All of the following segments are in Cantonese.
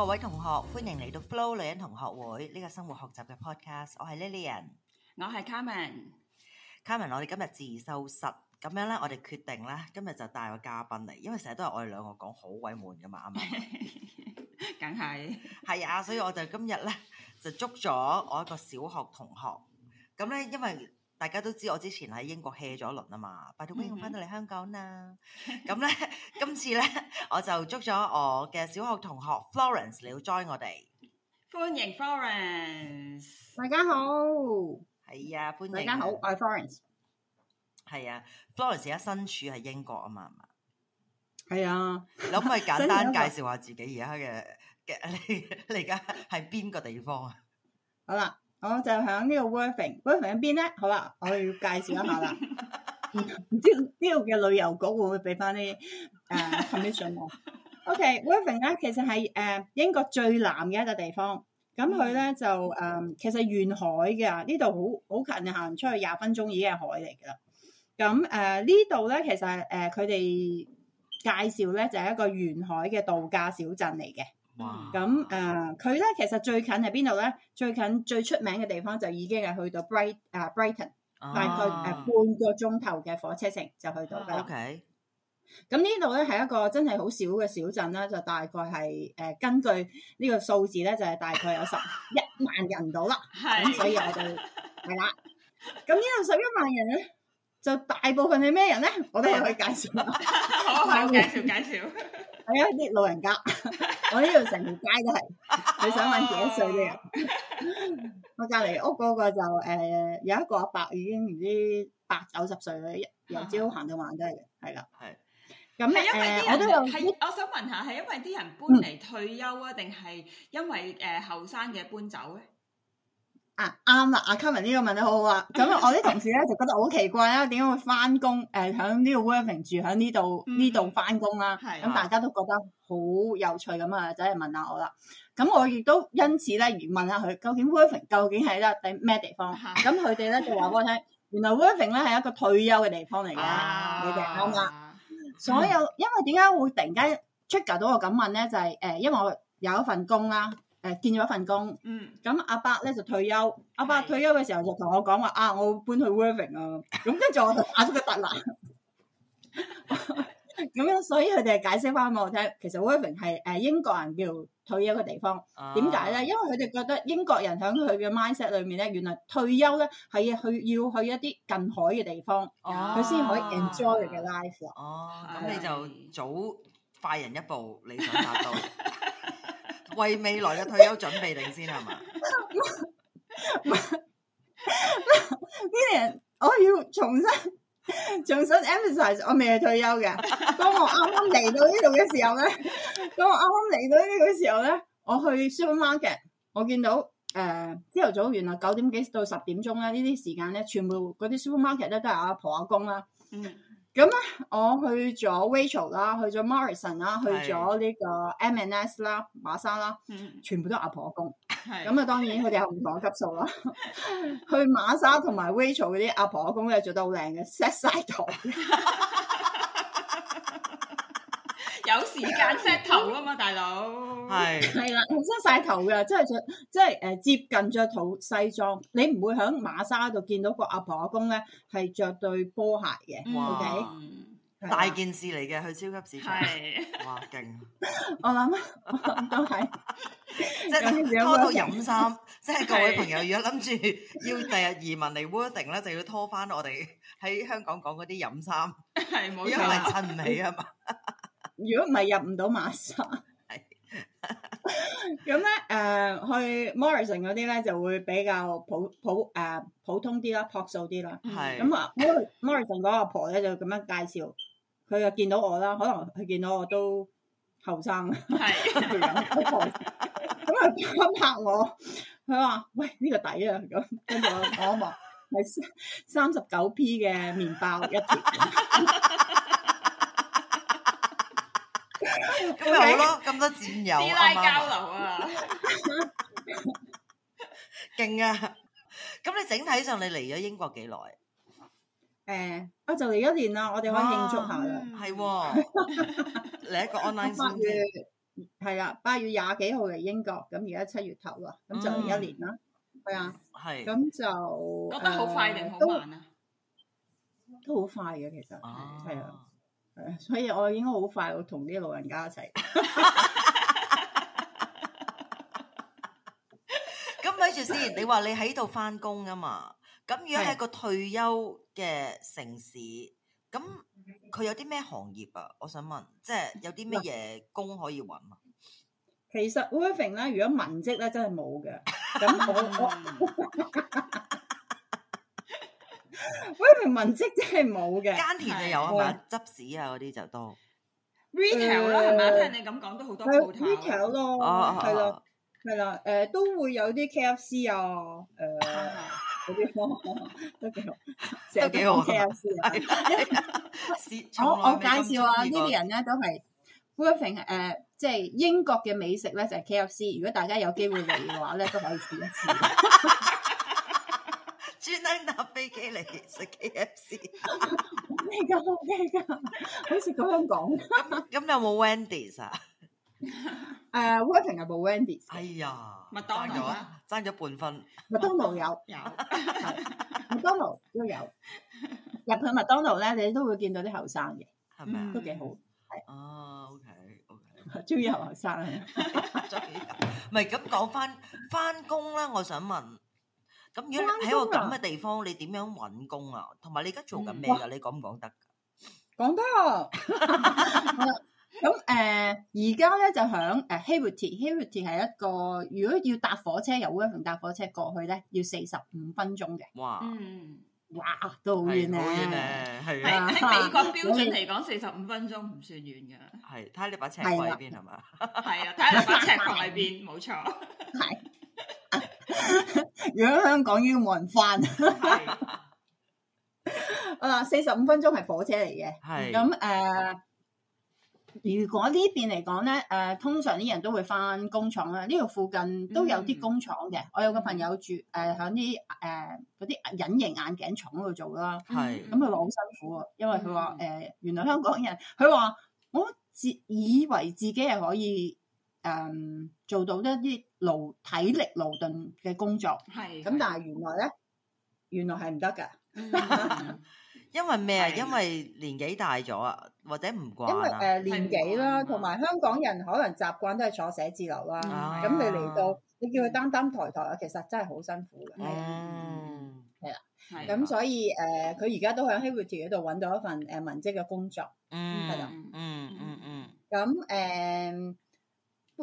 各位同學，歡迎嚟到 Flow 女人同學會呢個生活學習嘅 podcast，我係 Lilian，我係 Carmen，Carmen，我哋今日自修室咁樣咧，我哋決定咧，今日就帶個嘉賓嚟，因為成日都係我哋兩個講好鬼悶噶嘛，係咪？梗係係啊。所以我就今日咧就捉咗我一個小學同學，咁咧因為。大家都知我之前喺英國 hea 咗輪啊嘛，擺脫英國返到嚟香港啦。咁咧 今次咧我就捉咗我嘅小學同學 Florence 嚟 join 我哋，歡迎 Florence，大家好，係啊，歡迎，大家好，我係 Fl、啊、Florence，係啊，Florence 而家身處係英國啊嘛，係啊，你可唔可以簡單介紹下自己而家嘅，你你而家喺邊個地方啊？好啦。我就喺呢個 Worthing，Worthing 喺邊咧？好啦，我要介紹一下啦。唔知呢度嘅旅遊局會唔會俾翻啲誒 commission 我？OK，Worthing 咧其實係誒、uh, 英國最南嘅一個地方，咁佢咧就誒、uh, 其實沿海嘅，呢度好好近，行出去廿分鐘已經係海嚟噶啦。咁誒、uh, 呢度咧其實誒佢哋介紹咧就係、是、一個沿海嘅度假小鎮嚟嘅。咁誒，佢咧、呃、其實最近喺邊度咧？最近最出名嘅地方就已經係去到、right uh, Bright 誒 Brighton、哦、大概誒半個鐘頭嘅火車程就去到 OK，咁、啊 right? 嗯嗯、呢度咧係一個真係好少嘅小鎮啦，就大概係誒根據呢個數字咧，就係大概有十一萬人到啦。咁、嗯、所以我就係啦。咁呢度十一萬人咧，就大部分係咩人咧？我哋可以介紹。好，介紹介紹。我有啲老人家， 我呢度成條街都係。你 想問幾多歲嘅人？ 我隔籬屋嗰個就誒、呃，有一個阿伯，伯已經唔知八九十歲啦，由朝行到晚都係，係啦，係的。咁咧，呃、因為人我都有。係，我想問下，係因為啲人搬嚟退休啊，定係、嗯、因為誒後生嘅搬走咧？啱啦，阿 Carmen 呢個問得好好啊，咁 我啲同事咧 就覺得好奇怪啦、啊，點解會翻工？誒、呃，喺呢個 Waving 住喺呢度呢度翻工啦，咁大家都覺得好有趣咁啊，走嚟問下我啦。咁我亦都因此咧而問下佢，究竟 Waving 究竟係咧喺咩地方？咁佢哋咧就話俾我聽， 原來 Waving 咧係一個退休嘅地方嚟嘅，你哋啱唔啱？所有因為點解會突然間 trigger 到我咁問咧，就係、是、誒，因為我有，有一份工啦。誒，見咗、呃、一份工，咁、嗯、阿伯咧就退休。阿伯退休嘅時候就同我講話的啊，我搬去 Worthing 啊，咁跟住我就打咗個突啦。咁樣、 啊，所以佢哋解釋翻俾我聽，其實 Worthing 係誒英國人叫退休嘅地方。點解咧？因為佢哋覺得英國人喺佢嘅 mindset 裏面咧，原來退休咧係去要去一啲近海嘅地方，佢先可以 enjoy 嘅 life。哦，咁你就早快人一步，你想達到。 為未來嘅退休準備定先係嘛呢年我要重新重新 emphasize，我未係退休嘅。當我啱啱嚟到呢度嘅時候咧，當我啱啱嚟到呢度嘅時候咧，我去 supermarket，我見到誒朝頭早原來，九點幾到十點鐘咧，呢啲時間咧，全部嗰啲 supermarket 都都係阿婆阿公啦。嗯。咁咧、嗯，我去咗 Rachel 啦，去咗 Morrison 啦，去咗呢個 M n S 啦，馬莎啦，全部都阿婆工。咁啊、 嗯，當然佢哋係唔同嘅級數啦。 去馬莎同埋 Rachel 嗰啲阿婆工咧，做得好靚嘅，set 晒台。 有時間 set 頭啊嘛，大佬，係係啦，我伸晒頭噶，即係着，即係誒，接近着套西裝，你唔會響馬沙度見到個阿婆阿公咧係着對波鞋嘅哇，OK，大件事嚟嘅去超級市場，的哇勁 我諗都係，即係拖到飲衫，即係各位朋友， 如果諗住要第日，日移民嚟 Worthing 咧，就要拖翻我哋喺香港講嗰啲飲衫，係冇錯，因為襯唔起啊嘛。 如果唔係入唔到馬莎，咁咧誒去 Morrison 嗰啲咧就會比較普普誒、呃、普通啲啦，樸素啲啦。咁啊，Morrison 嗰個阿婆咧就咁樣介紹，佢就見到我啦，可能佢見到我都 後生，咁啊拍我，佢話：喂，呢、這個底啊咁，跟住我望一望，係三十九 P 嘅麵包一條。 咁咪、嗯嗯、好咯，咁多戰友啊嘛，勁啊！咁你整體上你嚟咗英國幾耐？誒、欸，啊就嚟一年啦，我哋可以慶祝下啦。係、啊，嚟、嗯啊、一個 online 八月係啦，八、啊、月廿幾號嚟英國，咁而家七月頭、嗯、啊，咁就嚟一年啦。係啊，係。咁就覺得好快定好慢啊，都好快嘅，啊、其實係啊。所以我應該好快會同啲老人家一齊。咁咪住先，你話你喺度翻工啊嘛？咁如果喺個退休嘅城市，咁佢有啲咩行業啊？我想問，即係有啲咩嘢工可以搵嘛、啊？其實 Worthing 咧，如果文職咧，真係冇嘅。咁我。working 文職真係冇嘅，耕田就有係嘛，執屎啊嗰啲就多 retail 咯，係咪？聽你咁講都好多鋪攤。retail 咯，係咯，係啦，誒都會有啲 K F C 啊，誒嗰啲都幾好，都幾好。K F C，我我介紹啊，呢啲人咧都係 working 誒，即係英國嘅美食咧就係 K F C，如果大家有機會嚟嘅話咧，都可以試一試。專登搭飛機嚟食 KFC，咩㗎，咩㗎，好似咁樣講。咁有冇 Wendy's 啊？誒，Working 有冇 Wendy's？哎呀，麥當勞啊，爭咗半分。麥當勞有，有。麥當勞都有。入去麥當勞咧，你都會見到啲後生嘅，係咪啊？都幾好。係。哦，OK，OK。中意後生。中意。唔係咁講翻翻工啦，我想問。咁如果喺個咁嘅地方，你點樣搵工啊？同埋你而家做緊咩噶？你講唔講得？講得。咁誒，而家咧就響誒 Hewittie，Hewittie 係一個，如果要搭火車由溫平搭火車過去咧，要四十五分鐘嘅。哇！嗯，哇，都好遠啊。係啊，喺美國標準嚟講，四十五分鐘唔算遠噶。係，睇下你把尺喺邊係嘛？係啊，睇下你把尺喺邊，冇錯。係。 如果香港要冇人翻，啊四十五分鐘係火車嚟嘅，咁誒是、呃，如果呢邊嚟講咧，誒、呃、通常啲人都會翻工廠啦，呢度附近都有啲工廠嘅。嗯、我有個朋友住誒喺啲誒嗰啲隱形眼鏡廠度做啦，咁佢話好辛苦啊，因為佢話誒原來香港人，佢話我自以為自己係可以誒。呃做到一啲勞體力勞頓嘅工作，係咁，但係原來咧，原來係唔得噶，因為咩啊？因為年紀大咗啊，或者唔慣啦。因為誒、呃、年紀啦，同埋香港人可能習慣都係坐寫字樓啦，咁、嗯嗯、你嚟到你叫佢擔擔抬抬啊，其實真係好辛苦嘅，係啊、嗯，係啦，係咁，所以誒，佢而家都喺希維特喺度揾到一份誒文職嘅工作，嗯，係、嗯、啦，嗯嗯嗯，咁、嗯、誒。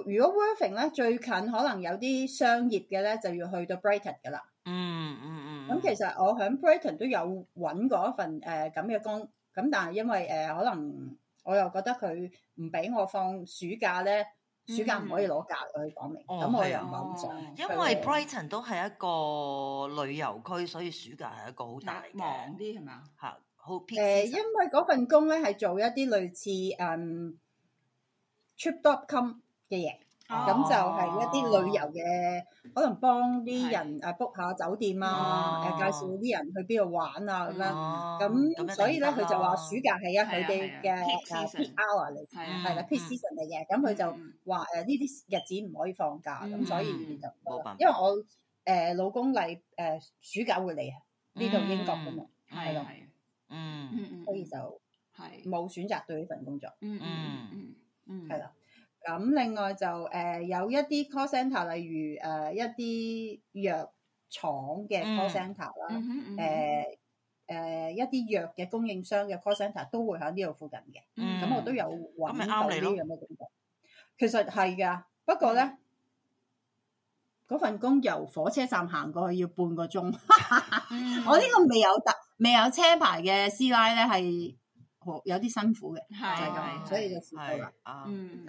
如果 working 咧，最近可能有啲商業嘅咧，就要去到 Brighton 嘅啦、嗯。嗯嗯嗯。咁、嗯、其實我喺 Brighton 都有揾過一份誒咁嘅工，咁但係因為誒、呃、可能我又覺得佢唔俾我放暑假咧，嗯、暑假唔可以攞假去講明。嗯、我又唔係咁想哦，係啊，因為 Brighton 都係一個旅遊區，所以暑假係一個好大忙啲係嘛？嚇好誒，因為嗰份工咧係做一啲類似誒、um, Trip.com 嘅嘢，咁就係一啲旅遊嘅，可能幫啲人誒 book 下酒店啊，誒介紹啲人去邊度玩啊咁啦。咁所以咧，佢就話暑假係啊佢哋嘅誒 peak hour 嚟，係啦 peak season 嚟嘅。咁佢就話誒呢啲日子唔可以放假，咁所以就冇辦法。因為我誒老公嚟誒暑假會嚟呢度英國嘅嘛，係咯，嗯嗯嗯，所以就係冇選擇對呢份工作，嗯嗯嗯嗯，係啦。咁另外就誒、呃、有一啲 call center 例如誒、呃、一啲藥廠嘅 call centre、嗯、啦，誒誒、嗯呃呃、一啲藥嘅供應商嘅 call center 都會喺呢度附近嘅。咁、嗯、我都有揾到呢樣嘅工作。嗯、其實係噶，不過咧嗰份工由火車站行過去要半個鐘。哈哈嗯、我呢個未有搭、未有車牌嘅師奶咧係。有啲辛苦嘅，就係咁，所以就辭咗啦。嗯，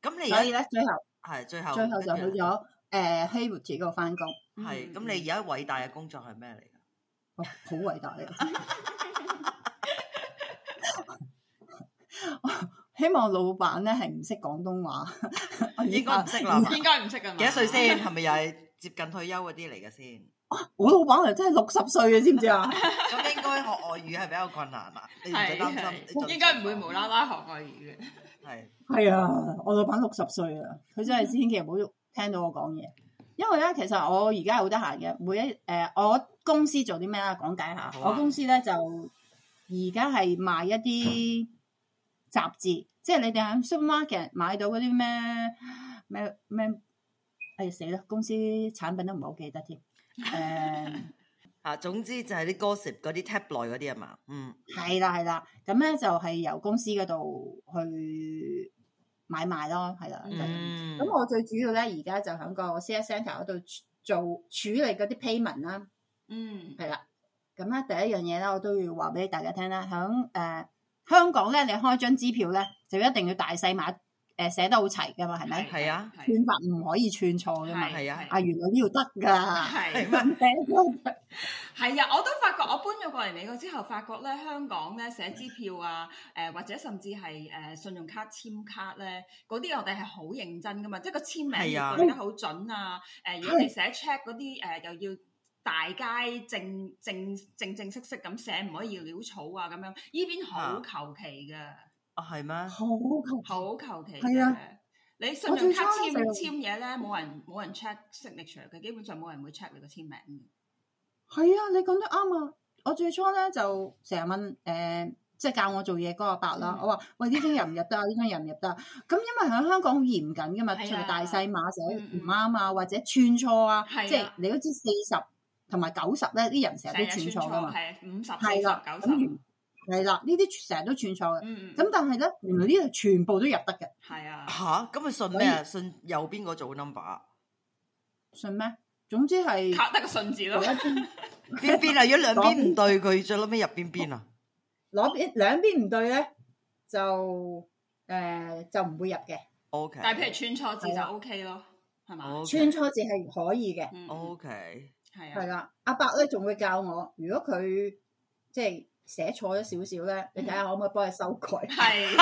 咁你所以咧，最後係最後，最後就去咗誒希布士嗰個翻工。係咁，你而家偉大嘅工作係咩嚟㗎？好偉大啊！希望老闆咧係唔識廣東話，應該唔識啦。應該唔識㗎。幾多歲先？係咪又係接近退休嗰啲嚟㗎先？啊、我老闆嚟，真係六十歲嘅，知唔知啊？咁 應該學外語係比較困難啊。 你唔使擔心， 應該唔會無啦啦學外語嘅。係 係 啊，我老闆六十歲啊，佢真係千祈唔好聽到我講嘢，因為咧，其實我而家好得閒嘅。每一、誒、呃，我公司做啲咩啊？講解下，我公司咧就而家係賣一啲雜誌，即係你哋喺 Supermarket 買到嗰啲咩咩咩，哎呀死啦，公司產品都唔係好記得添。誒，啊，總之就係啲 gossip 嗰啲 tap 內嗰啲啊嘛，嗯，係啦係啦，咁咧、嗯、就係由公司嗰度去買賣咯，係啦，嗯、就是，咁我最主要咧而家就喺個 CS Center 嗰度做，做處理嗰啲 payment 啦，嗯，係啦，咁咧第一樣嘢咧我都要話俾大家聽啦，響誒、呃、香港咧你開張支票咧就一定要大細碼。誒寫得好齊噶嘛，係咪？係啊，串、啊啊、法唔可以串錯噶嘛。係啊係啊，啊，啊原來要得噶，係咪啊？係啊，啊，我都發覺我搬咗過嚟美國之後，發覺咧香港咧寫支票啊，誒、呃、或者甚至係誒、呃、信用卡簽卡咧，嗰啲我哋係好認真噶嘛，即係個簽名要揀得好準啊。誒、啊，如果你寫 check 嗰啲誒，又要大街正正正正式式咁寫，唔可以潦草啊咁樣。呢邊好求其噶。啊，係咩？好求好求其嘅，你信用卡簽簽嘢咧，冇人冇人 check signature 嘅，基本上冇人會 check 你個簽名。係啊，你講得啱啊！我最初咧就成日問，誒，即係教我做嘢嗰阿伯啦，我話喂啲錢入唔入得啊？啲錢入唔入得？咁因為喺香港好嚴謹噶嘛，譬如大細碼成日唔啱啊，或者串錯啊，即係你都知四十同埋九十咧，啲人成日都串錯噶嘛，係五十、係啦、九十。係啦，呢啲成日都串錯嘅。咁但係咧，原來呢度全部都入得嘅。係啊。吓，咁佢信咩啊？信右邊嗰組 number。信咩？總之係拍得個順字咯。邊邊啊？如果兩邊唔對，佢再諗咩入邊邊啊？攞邊兩邊唔對咧，就誒就唔會入嘅。O K。但係譬如串錯字就 O K 咯，係嘛？串錯字係可以嘅。O K。係啊。係啦，阿伯咧仲會教我，如果佢即係。寫錯咗少少咧，你睇下可唔可以幫佢修改？係，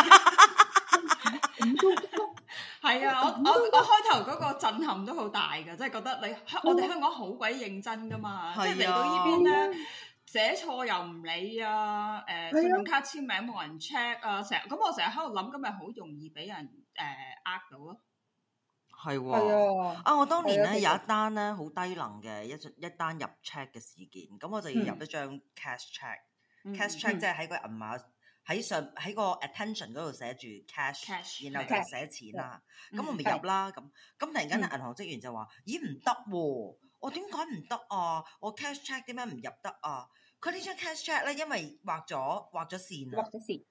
係啊！我我我開頭嗰個震撼都好大嘅，即係覺得你香，我哋香港好鬼認真噶嘛！即係嚟到呢邊咧，寫錯又唔理啊！誒信用卡簽名冇人 check 啊，成日咁我成日喺度諗，今日好容易俾人誒呃到咯。係喎，啊！我當年咧有一單咧好低能嘅一一單入 check 嘅事件，咁我就要入一張 cash check。cash check 即係喺個銀碼喺上喺個 attention 嗰度寫住 cash，然後就寫錢啦。咁我咪入啦。咁咁突然間，銀行職員就話：咦唔得喎！我點解唔得啊？我 cash check 點解唔入得啊？佢呢張 cash check 咧，因為畫咗畫咗線啊。畫咗線。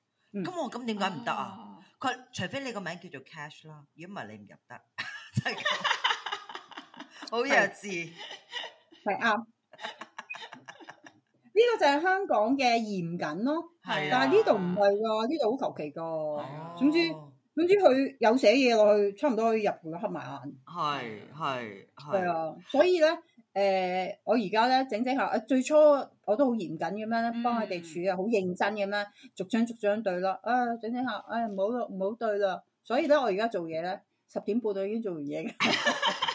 咁我咁點解唔得啊？佢除非你個名叫做 cash 啦，如果唔係你唔入得。真係。好弱智，係啱。呢個就係香港嘅嚴謹咯，啊、但係呢度唔係㗎，呢度好求其㗎。總之總之佢有寫嘢落去，差唔多可以入咁啦，合埋眼。係係係啊，所以咧誒、呃，我而家咧整整下，最初我都好嚴謹咁樣，幫佢哋處啊，好、嗯、認真咁樣逐張逐張對啦。啊，整整下，唉、哎，唔好咯，唔好對啦。所以咧，我而家做嘢咧，十點半度已經做完嘢。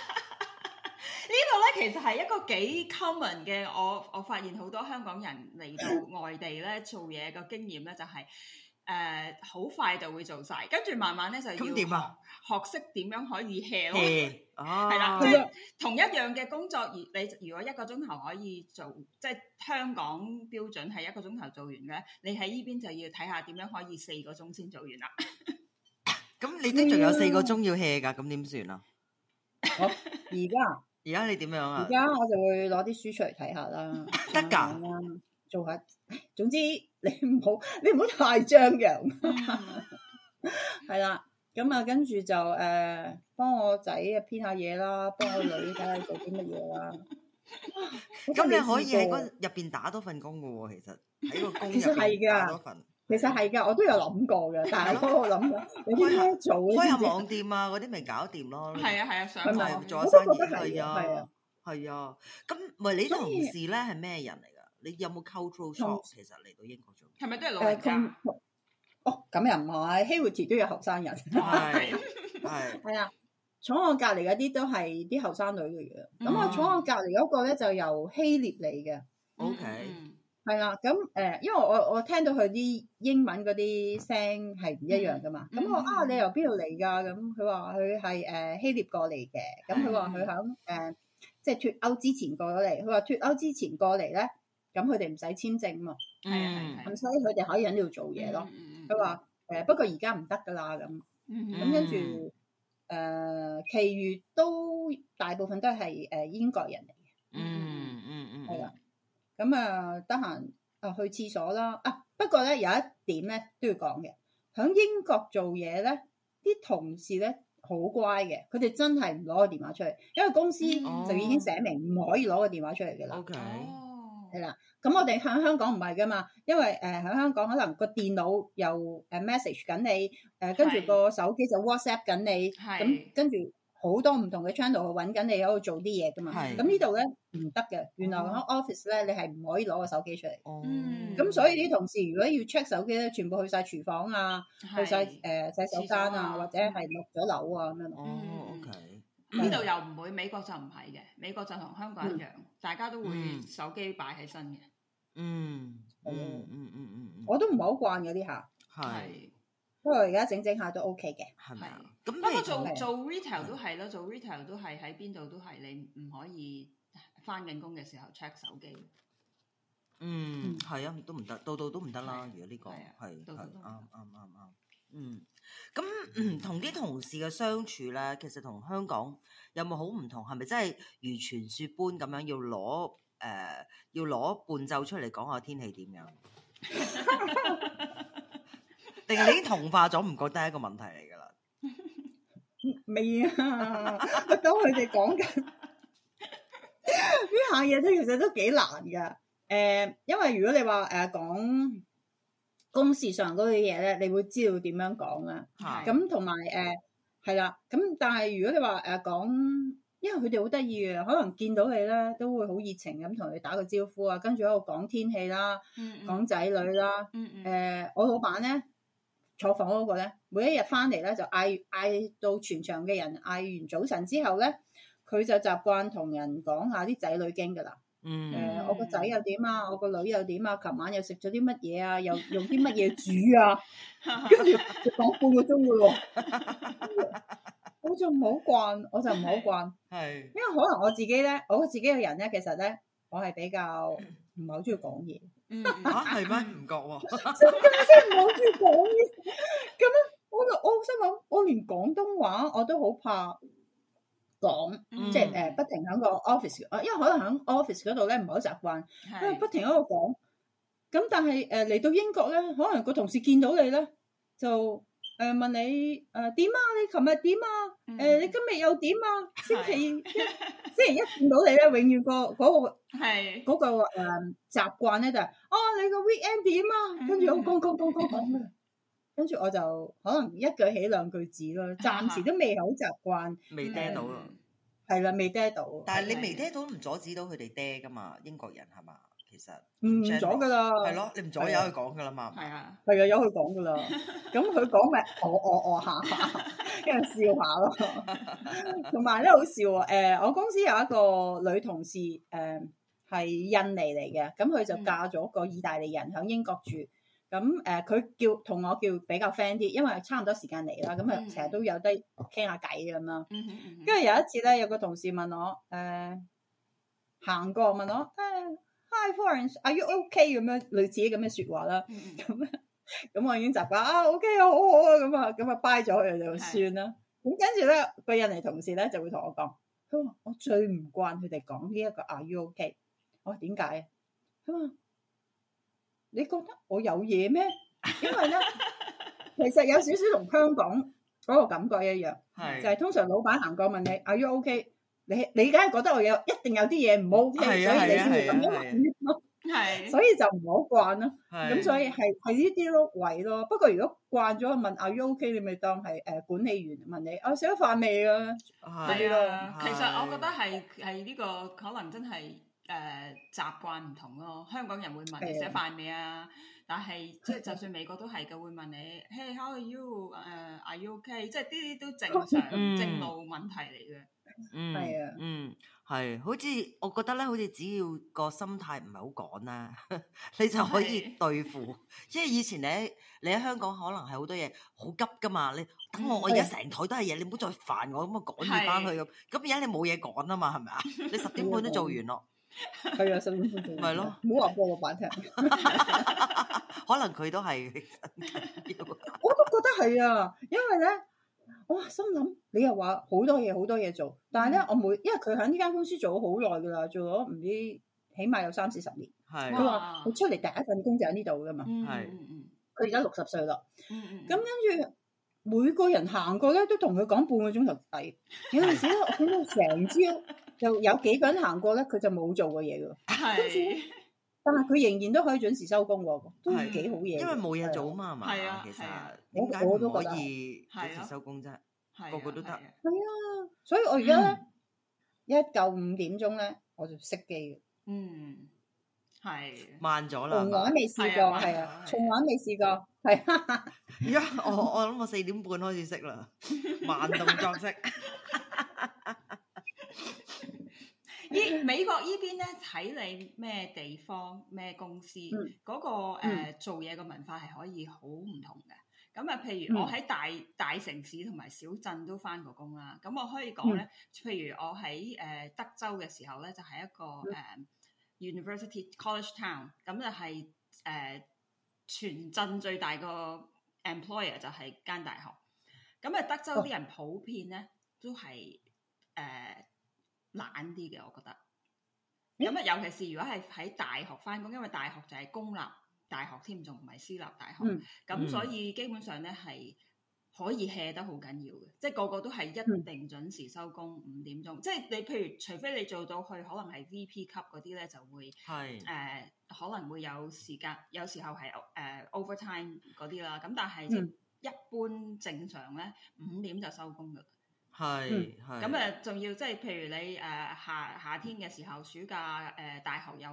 其實係一個幾 common 嘅，我我發現好多香港人嚟到外地咧做嘢嘅經驗咧就係誒好快就會做晒，跟住慢慢咧就要學識點樣，樣、啊、樣可以 hea。係啦，即、啊、係同一樣嘅工作，你如果一個鐘頭可以做，即係香港標準係一個鐘頭做完嘅，你喺呢邊就要睇下點樣可以四個鐘先做完啦。咁你都仲有四個鐘要 hea 噶，咁點算啊？而家。而家你點樣啊？而家我就會攞啲書出嚟睇下啦，得噶嗎，做下，總之你唔好，你唔好太張揚，係、嗯、 啦。咁、嗯、啊，跟住就誒，幫、呃、我仔啊編下嘢啦，幫我女睇下做啲乜嘢啦。咁 你可以喺嗰入邊打多份工噶喎，其實喺個工入邊打多份。其實係噶，我都有諗過嘅，但係我都冇諗。你啲咩做？開下網店啊，嗰啲咪搞掂咯。係啊係啊，上嚟做下生意係啊。係啊，咁唔係你同事咧係咩人嚟㗎？你有冇 cultural shock？其實嚟到英國做係咪都係老人家？咁又唔係，Healty 都有後生人。係係係啊！坐我隔離嗰啲都係啲後生女嚟嘅。咁我坐我隔離嗰個咧就由希臘嚟嘅。OK。係啦，咁誒，因為我我聽到佢啲英文嗰啲聲係唔一樣噶嘛，咁、mm hmm. 我啊，你由邊度嚟噶？咁佢話佢係誒希臘過嚟嘅，咁佢話佢喺誒即係脫歐之前過咗嚟，佢話脫歐之前過嚟咧，咁佢哋唔使簽證嘛，係係、mm，咁、hmm. 所以佢哋可以喺呢度做嘢咯。佢話誒不過而家唔得噶啦咁，咁跟住誒，uh, 其餘都大部分都係誒英國人嚟嘅，嗯嗯嗯，係、hmm. 啊、mm。Hmm. 咁、嗯、啊，得閒啊去廁所啦。啊，不過咧有一點咧都要講嘅，喺英國做嘢咧，啲同事咧好乖嘅，佢哋真係唔攞個電話出嚟，因為公司就已經寫明唔可以攞個電話出嚟嘅啦。OK，係啦。咁、哦嗯、我哋喺香港唔係噶嘛，因為誒喺、呃、香港可能個電腦又誒 message 緊你，誒跟住個手機就 WhatsApp 緊你，咁跟住。嗯好多唔同嘅 channel 去揾緊你喺度做啲嘢噶嘛，咁是呢度咧唔得嘅。原來 office 咧，你係唔可以攞個手機出嚟。哦，咁所以啲同事如果要 check 手機咧，全部去晒廚房啊，是去晒誒、呃、洗手間啊，間啊或者係落咗樓啊咁樣。哦，OK，呢度對又唔會，美國就唔係嘅，美國就同香港一樣，嗯、大家都會手機擺喺身嘅、嗯。嗯，哦，嗯嗯嗯嗯，我都唔係好慣嗰啲吓。係。不過而家整整下都 OK 嘅，係咪啊？不過做做 retail 都係咯，做 retail 都係喺邊度都係，你唔可以返緊工嘅時候 check 手機。嗯，係啊，都唔得，到度都唔得啦。如果呢個都係啱啱啱啱。嗯，咁同啲同事嘅相處咧，其實同香港有冇好唔同？係咪真係如傳説般咁樣要攞誒要攞伴奏出嚟講下天氣點樣？ 你已經同化咗，唔覺得係一個問題嚟㗎啦。未 啊，當佢哋講緊呢下嘢咧， 其實都幾難㗎。誒、呃，因為如果你話誒、呃、講公事上嗰啲嘢咧，你會知道點樣講啊。咁同埋誒係啦。咁、呃、但係如果你話誒、呃、講，因為佢哋好得意嘅，可能見到你咧都會好熱情咁同你打個招呼啊。跟住喺度講天氣啦，嗯嗯講仔女啦。呃、嗯我老闆咧，坐房嗰個咧，每一日返嚟咧就嗌嗌到全場嘅人嗌完早晨之後咧，佢就習慣同人講下啲仔女經㗎喇。嗯，誒、呃，我個仔又點啊，我個女又點啊，琴晚又食咗啲乜嘢啊，又用啲乜嘢煮啊，跟住就講半個鐘嘅喎。 我就唔好慣，我就唔好慣，係，因為可能我自己咧，我自己嘅人咧，其實咧，我係比較唔係好中意講嘢。吓係咩？唔覺喎，真真真唔好意講嘢。咁啊， 樣我我心諗，我連廣東話我都好怕講，嗯、即係誒、呃，不停響個 office，啊，因為可能響 office 嗰度咧唔係好習慣，咁啊不停喺度講。咁但係誒嚟到英國咧，可能個同事見到你咧就。誒問你誒點、呃、啊？你琴日點啊？誒、mm hmm. 呃、你今日又點啊？星期一， 星期一見到你咧，永遠、那個嗰、 那個嗰、那個誒、呃、習慣咧、啊啊 mm hmm. 就，就，哦你個 Weekend 點啊？跟住好高高高高咁啦，跟住我就可能一句起兩句止啦，暫時都未好習慣，未嗲到咯，係啦、嗯，未嗲到。但係你未嗲到唔阻止到佢哋嗲㗎嘛？英國人係嘛？其實唔咗噶啦，係咯不利，你唔左有佢講噶啦嘛，係啊的，係有有去講噶啦，咁佢講咩？我我我下下跟住笑下咯，同埋咧好笑誒！我公司有一個女同事誒，係、呃、印尼嚟嘅，咁佢就嫁咗個意大利人喺英國住，咁誒佢叫同我叫比較 friend 啲，因為差唔多時間嚟啦，咁啊成日都有得傾下偈咁樣。跟住有一次咧，有個同事問我誒、呃、行過問我、哎呃 Hi, Florence, are you okay？咁樣類似咁嘅說話啦，咁 咁、嗯、 我已經習慣啊，OK，好好啊，咁啊咁啊，bye 咗佢就算啦。咁的跟住咧，個印尼同事咧就會同我講，佢話我最唔慣佢哋講呢一個 are you okay 我話點解啊？佢話你覺得我有嘢咩？因為咧， 其實有少少同香港嗰個感覺一樣，的就係通常老闆行過問你 are you okay .你你梗係覺得我有一定有啲嘢唔 OK，所以你先要咁樣問咯，係，所以就唔好慣咯。咁所以係係呢啲咯，位咯。不過如果慣咗，問 Are you OK，你咪當係誒管理員問你，我食咗飯未啊嗰啲咯。其實我覺得係係呢個可能真係誒習慣唔同咯。香港人會問你食咗飯未啊，但係即係就算美國都係嘅，會問你 Hey how are you？誒 Are you OK？即係啲啲都正常正路問題嚟嘅。嗯，嗯係、啊，好似我覺得咧，好似只要個心態唔係好趕啦， 你就可以對付。的因為以前咧，你喺香港可能係好多嘢好急噶嘛，你等我，我而家成台都係嘢，你唔好再煩我，咁啊趕住翻去咁，咁而家你冇嘢趕啊嘛，係咪啊？你十點半都做完咯，係啊， 十點半做，係咯， 唔好話畀老闆聽， 可能佢都係，我都覺得係啊，因為咧。我心諗，你又話好多嘢好多嘢做，但係咧我每，因為佢喺呢間公司做咗好耐噶啦，做咗唔知起碼有三四十年。佢話佢出嚟第一份工就喺呢度噶嘛。佢而家六十歲啦，咁是、啊、跟住每個人行過咧都同佢講半個鐘頭底。是啊、有陣時咧，佢成朝又有幾個人行過咧，佢就冇做過嘢噶。是啊但係佢仍然都可以準時收工喎，都係幾好嘢。因為冇嘢做啊嘛，係嘛，其實我我都可以準時收工啫，個個都得。係啊，所以我而家咧一夠五點鐘咧我就熄機嘅。嗯，係慢咗啦。從來未試過，係啊，從來未試過，係啊。而家我我諗我四點半開始熄啦，慢動作式。美國呢邊咧，睇你咩地方咩公司，嗰、嗯嗰個做嘢嘅文化係可以好唔同嘅。咁啊，譬如我喺大、嗯、大城市同埋小鎮都返過工啦。咁我可以講咧，嗯、譬如我喺誒、呃、德州嘅時候咧，就係、是、一個誒、嗯 uh, University College Town，咁就係、是、誒、uh, 全鎮最大個 employer 就係間大學。咁啊，德州啲人普遍咧都係誒。Uh, 懶啲嘅，我覺得。咁啊，尤其是如果係喺大學翻工，因為大學就係公立大學添，仲唔係私立大學。嗯。咁所以基本上咧，係、嗯、可以 hea 得好緊要嘅，即係個個都係一定準時收工五點鐘。嗯、即係你譬如，除非你做到去可能係 VP 級嗰啲咧，就會係誒是、呃、可能會有時間，有時候係誒、呃、overtime 嗰啲啦。咁但係一般正常咧，五點就收工噶。係，咁誒仲要即係，譬如你誒、呃、夏夏天嘅時候，暑假誒、呃、大學又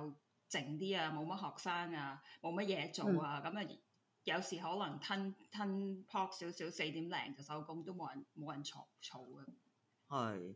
靜啲啊，冇乜學生啊，冇乜嘢做啊，咁誒、嗯、有時可能吞吞泊少少，四點零就收工，都冇人冇人嘈嘈嘅。係。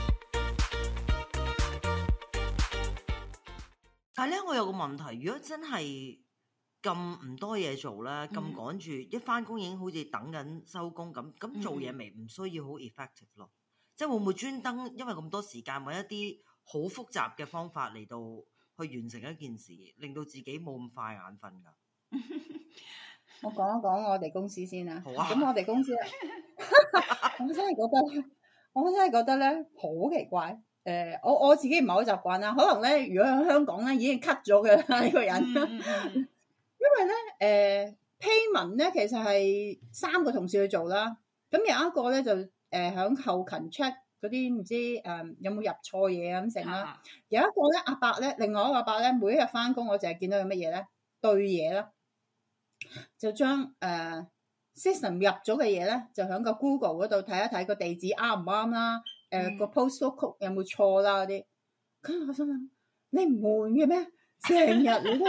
但係咧，我有個問題，如果真係咁唔多嘢做咧，咁、嗯、趕住一返工已經好似等緊收工咁，咁、嗯、做嘢咪唔需要好 effective 咯？即係會唔會專登因為咁多時間，搵一啲好複雜嘅方法嚟到去完成一件事，令到自己冇咁快眼瞓噶？ 我講一講我哋公司先啦、啊。好啊。咁我哋公司、啊， 我真係覺得，我真係覺得咧，好奇怪。誒，我、呃、我自己唔係好習慣啦，可能咧，如果喺香港咧已經 cut 咗嘅呢個人， 因為咧，誒、呃，payment 咧其實係三個同事去做啦，咁有一個咧就誒響、呃、後勤 check 嗰啲唔知誒、呃、有冇入錯嘢咁成啦，的有一個咧阿伯咧，另外一個阿伯咧，每一日翻工我淨係見到佢乜嘢咧，對嘢啦，就將誒 system、呃、入咗嘅嘢咧，就喺個 Google 嗰度睇一睇個地址啱唔啱啦。誒個 postal 曲有冇錯啦，嗰啲，咁我想問你唔悶嘅咩？成日你都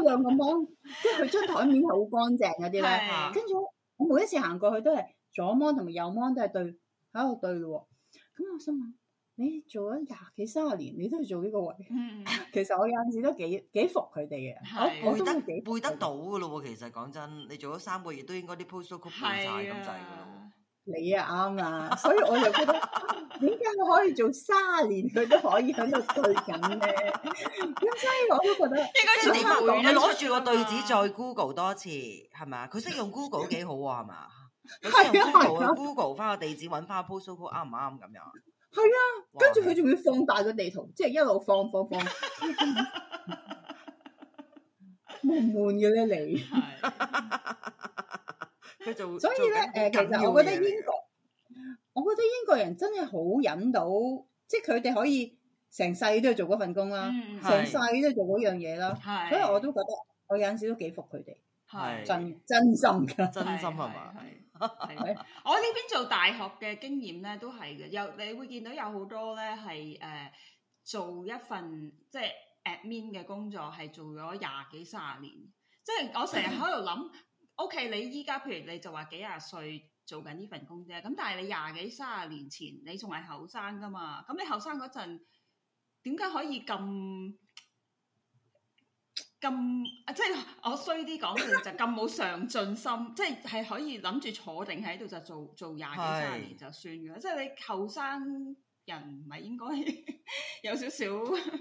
嗰兩個 mon，即係佢張台面好乾淨嗰啲咧，跟住我每一次行過去都係左 mon 同埋右 mon 都係對喺度對嘅喎。咁我想問你做咗廿幾三十年，你都係做呢個位，其實我有陣時都幾幾服佢哋嘅，我我都背得到嘅咯喎，其實講真，你做咗三個月都應該啲 postal 曲變曬咁滯嘅你啊，啱啊、嗯，所以我又覺得點解我可以做三年佢都可以喺度對緊咧？點解我都覺得點解？點會？你攞住個對子再 Google 多次係咪啊？佢識用 Google 幾 Go 好啊？係嘛？佢識用 Google 啊？Google 翻個地址揾翻個 postcode 啱唔啱咁樣？係啊，跟住佢仲要放大個地圖，即係一路放放放， 悶唔悶嘅咧你？笑 所以咧，誒，呃、其實我覺得英國，我覺得英國人真係好忍到，即係佢哋可以成世都要做嗰份工啦，成世、嗯、都做嗰樣嘢啦，的所以我都覺得我有陣時都幾服佢哋，係的的真真心噶，真心係嘛？係咪？我呢邊做大學嘅經驗咧，都係嘅，有你會見到有好多咧係誒做一份即係、就是、admin 嘅工作，係做咗廿幾卅年，即、就、係、是、我成日喺度諗。 O、okay, K，你依家譬如你就話幾廿歲做緊呢份工啫，咁但係你廿幾卅年前你仲係後生噶嘛？咁你後生嗰陣點解可以咁咁？即係、啊就是、我衰啲講就咁冇上進心，即係係可以諗住坐定喺度就做做廿幾卅年就算嘅。即係是你後生人唔係應該 有少少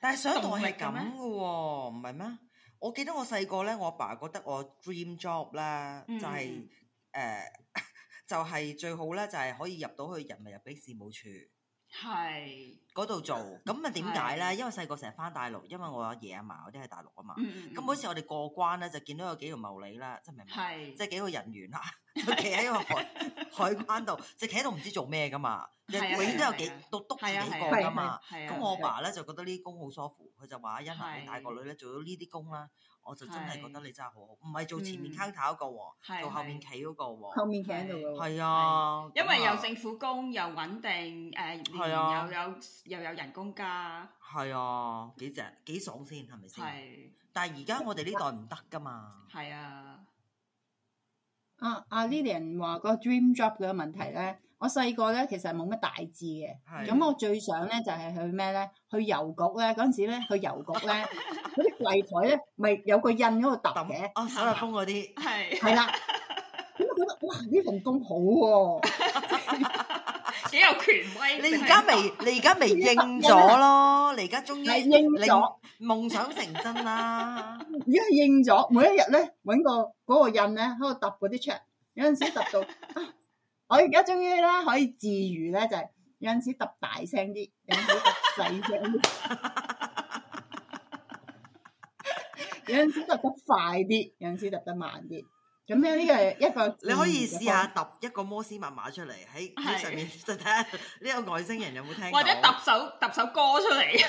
但想，但係上一代係咁嘅唔係咩？我記得我細個咧，我爸，爸覺得我 dream job 啦，嗯、就係、是、誒、呃，就係、是、最好咧，就係、是、可以入到去人民入境事務處。係。嗰度做，咁啊點解咧？因為細個成日翻大陸，因為我阿爺阿嫲嗰啲喺大陸啊嘛。咁嗰時我哋過關咧，就見到有幾條茂利啦，即係咪？係，即係幾個人員啦，就企喺個海海關度，就企喺度唔知做咩噶嘛。永遠都有幾都篤住幾個噶嘛。咁我阿爸咧就覺得呢啲工好舒服，佢就話，阿欣華，你大個女咧做咗呢啲工啦，我就真係覺得你真係好好。唔係做前面攤頭個喎，做後面企嗰個喎。後面企嗰個。係啊，因為又政府工又穩定，誒年年又有。又有人工加，係啊，幾正幾爽先，係咪先？係。但係而家我哋呢代唔得㗎嘛。係啊。阿阿 Lilian 話個 dream job 嘅問題咧，我細個咧其實冇乜大志嘅，咁我最想咧就係去咩咧？去郵局咧，嗰陣時咧去郵局咧，嗰啲櫃台咧咪有個印嗰個凸嘅。哦，手壓風嗰啲。係。係啦。咁我覺得哇，呢份工好喎。幾有權威。你而家未？你而家未應咗咯？嗯、你而家終於應咗，嗯、夢想成真啦、啊！而家應咗，每一日咧揾個嗰、嗰個印咧喺度揼嗰啲桌，有陣時揼到、 啊、我而家終於啦可以自如咧，就係有陣時揼大聲啲，有陣時揼細聲啲，有陣時揼 得快啲，有陣時揼得慢啲。咁咧呢個一個，你可以試下揼一個摩斯密碼出嚟喺上面，就睇下呢個外星人有冇聽。或者揼首揼首歌出嚟。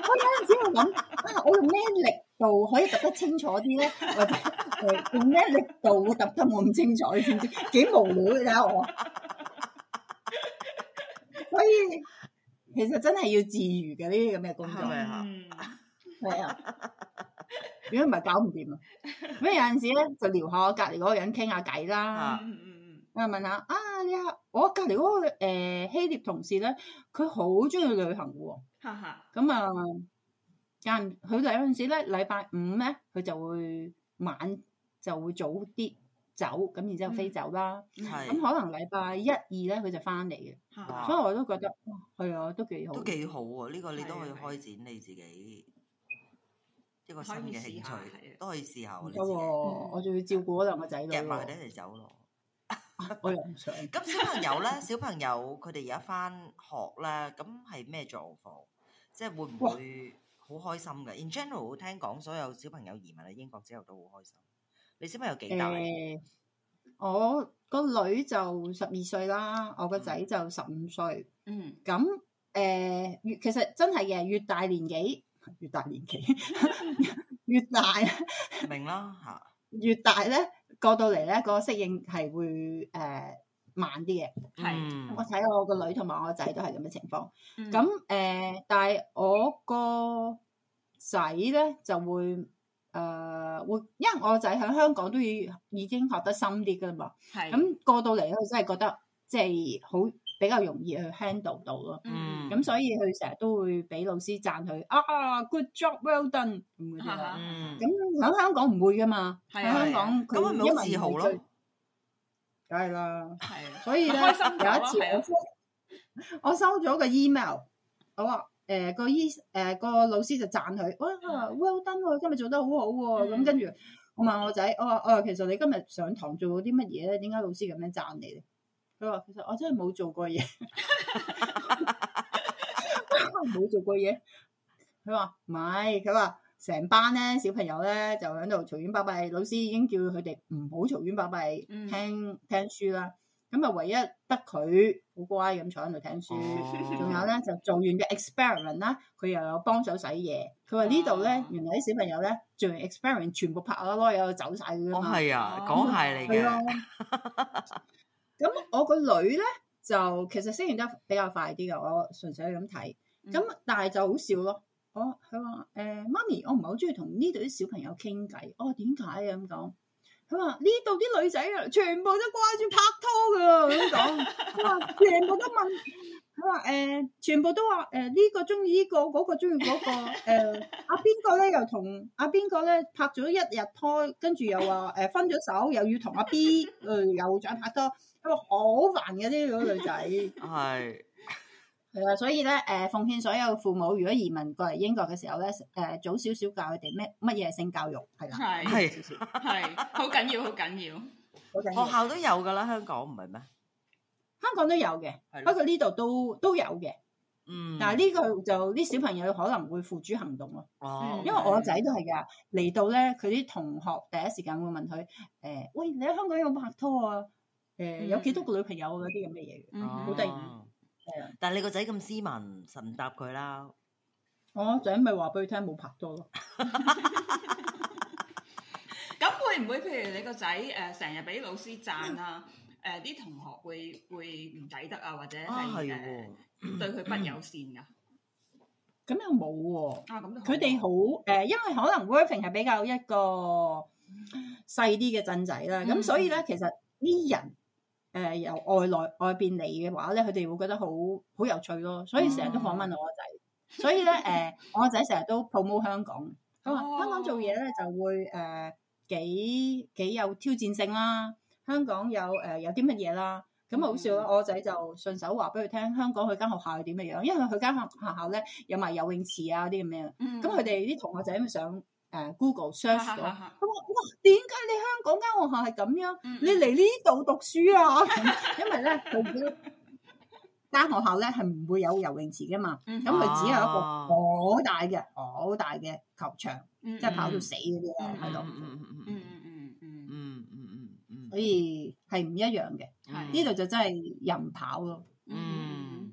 我有陣時會諗，啊，我用咩力度可以揼得清楚啲咧、呃？用咩力度會揼得我唔清楚先知？幾無聊你睇下我。所以其實真係要自娛嘅呢啲咁嘅工作啊。係啊、嗯。 如果唔係搞唔掂啊！咩有陣時咧就撩下我隔離嗰個人傾下偈啦。嗯嗯嗯。咁啊問下啊，你啊我隔離嗰、那個誒、呃、希臘同事咧，佢好中意旅行嘅喎、哦。哈哈。咁啊間佢有陣時咧，禮拜五咧佢就會晚就會早啲走，咁然之後飛走啦。嗯。咁可能禮拜一二咧佢就翻嚟嘅。哇所以我都覺得，係、嗯、啊、嗯，都幾好，好。都幾好喎！呢個你都可以開展你自己。 一個新嘅興趣都可以試下。有，我仲要照顧嗰兩個仔女咯，夾埋佢哋一齊走咯。咁 小朋友咧， 小朋友佢哋而家翻學咧，咁係咩狀況？哇即係會唔會好開心嘅？In general，聽講所有小朋友移民嚟英國之後都好開心。你小朋友幾大？我個女就十二歲啦，我個仔就十五歲。歲嗯。咁、嗯，誒，越、呃、其實真係嘅，越大年紀。越大年紀， 越大明啦吓，越大咧過到嚟咧、個適應係會誒、呃、慢啲嘅。係的我睇我個女同埋我個仔都係咁嘅情況。咁誒、嗯呃，但係我個仔咧就會誒、呃、會，因為我個仔喺香港都已已經學得深啲噶啦嘛。係咁的過到嚟，佢真係覺得即係好。就是比較容易去 handle 到咯，咁所以佢成日都會俾老師讚佢啊。Good job, well done 咁嗰啲啦。咁喺香港唔會噶嘛，喺香港，咁佢咪好自豪咯？梗係啦，所以咧有一次我收咗個 email，我話誒個醫誒個老師就讚佢哇，Well done，今日做得好好喎。咁跟住我問我仔，我話我話其實你今日上堂做咗啲乜嘢咧？點解老師咁樣讚你咧？佢話其實我真係冇做過嘢，冇 做過嘢。佢話唔係，佢話成班咧小朋友咧就喺度嘈冤巴閉，老師已經叫佢哋唔好嘈冤巴閉，聽聽書啦。咁啊，唯一得佢好乖咁坐喺度聽書，仲有咧就做完嘅 experiment 啦，佢又有幫手洗嘢。佢話呢度咧，原來啲小朋友咧做完 experiment 全部拍下籮柚，走晒噶嘛。哦，係啊、哦，講係嚟嘅。嗯 咁我個女咧就其實適應得比較快啲嘅，我純粹咁睇，咁但係就好笑咯。我佢話誒媽咪，我唔係好中意同呢度啲小朋友傾偈。哦，點解啊咁講？佢話呢度啲女仔啊，全部都掛住拍拖噶咁講。佢話全部都問，佢話誒，全部都話誒呢個中意呢個，嗰個中意嗰個。誒、欸，阿邊個咧又同阿邊個咧拍咗一日拖，跟住又話誒、欸、分咗手，又要同阿 B 誒、呃、又再拍拖。好煩嘅啲嗰女仔係係啊，所以咧誒、呃，奉勸所有父母，如果移民過嚟英國嘅時候咧，誒、呃，早少少教佢哋咩乜嘢性教育係啦，係係好緊要，好緊要，好緊要。學校都有噶啦，香港唔係咩？香港都有嘅，不過呢度都都有嘅。嗯，但係呢個就啲小朋友可能會付諸行動咯。哦，因為我仔都係噶嚟到咧，佢啲同學第一時間會問佢誒、呃，喂，你喺香港有冇拍拖啊？誒，嗯、有幾多個女朋友嗰啲咁嘅嘢，好得意。係啊、嗯嗯！但係你個仔咁斯文，神答佢啦。我仔咪話俾佢聽冇拍拖咯。咁會唔會？譬如你個仔誒，成日俾老師讚啊，誒、嗯，啲、呃、同學會會唔抵得啊？或者係誒，對佢不友善噶？咁又冇喎。啊，咁佢哋好誒，啊、 因為可能 working 係比較一個細啲嘅鎮仔啦。咁、嗯、 所以咧，其實啲人。誒、呃、由外來外邊嚟嘅話咧，佢哋會覺得好好有趣咯，所以成日都訪問我個仔。 所以咧誒、呃，我個仔成日都 promote 香港。咁啊，香港做嘢咧就會誒、呃、幾幾有挑戰性啦。香港有誒、呃、有啲乜嘢啦？咁好笑啊！Mm hmm. 我個仔就順手話俾佢聽，香港佢間學校係點嘅樣，因為佢間學校咧有埋游泳池啊啲咁樣。咁佢哋啲同學仔咪想……誒 Google search 咗下，佢話：哇，點解你香港間學校係咁樣？你嚟呢度讀書啊？因為咧，佢間學校咧係唔會有游泳池㗎嘛。咁佢只有一個好大嘅、好大嘅球場，即係跑到死嗰啲喺度。嗯嗯嗯嗯嗯嗯嗯嗯嗯嗯，所以係唔一樣嘅。係呢度就真係人跑咯。嗯。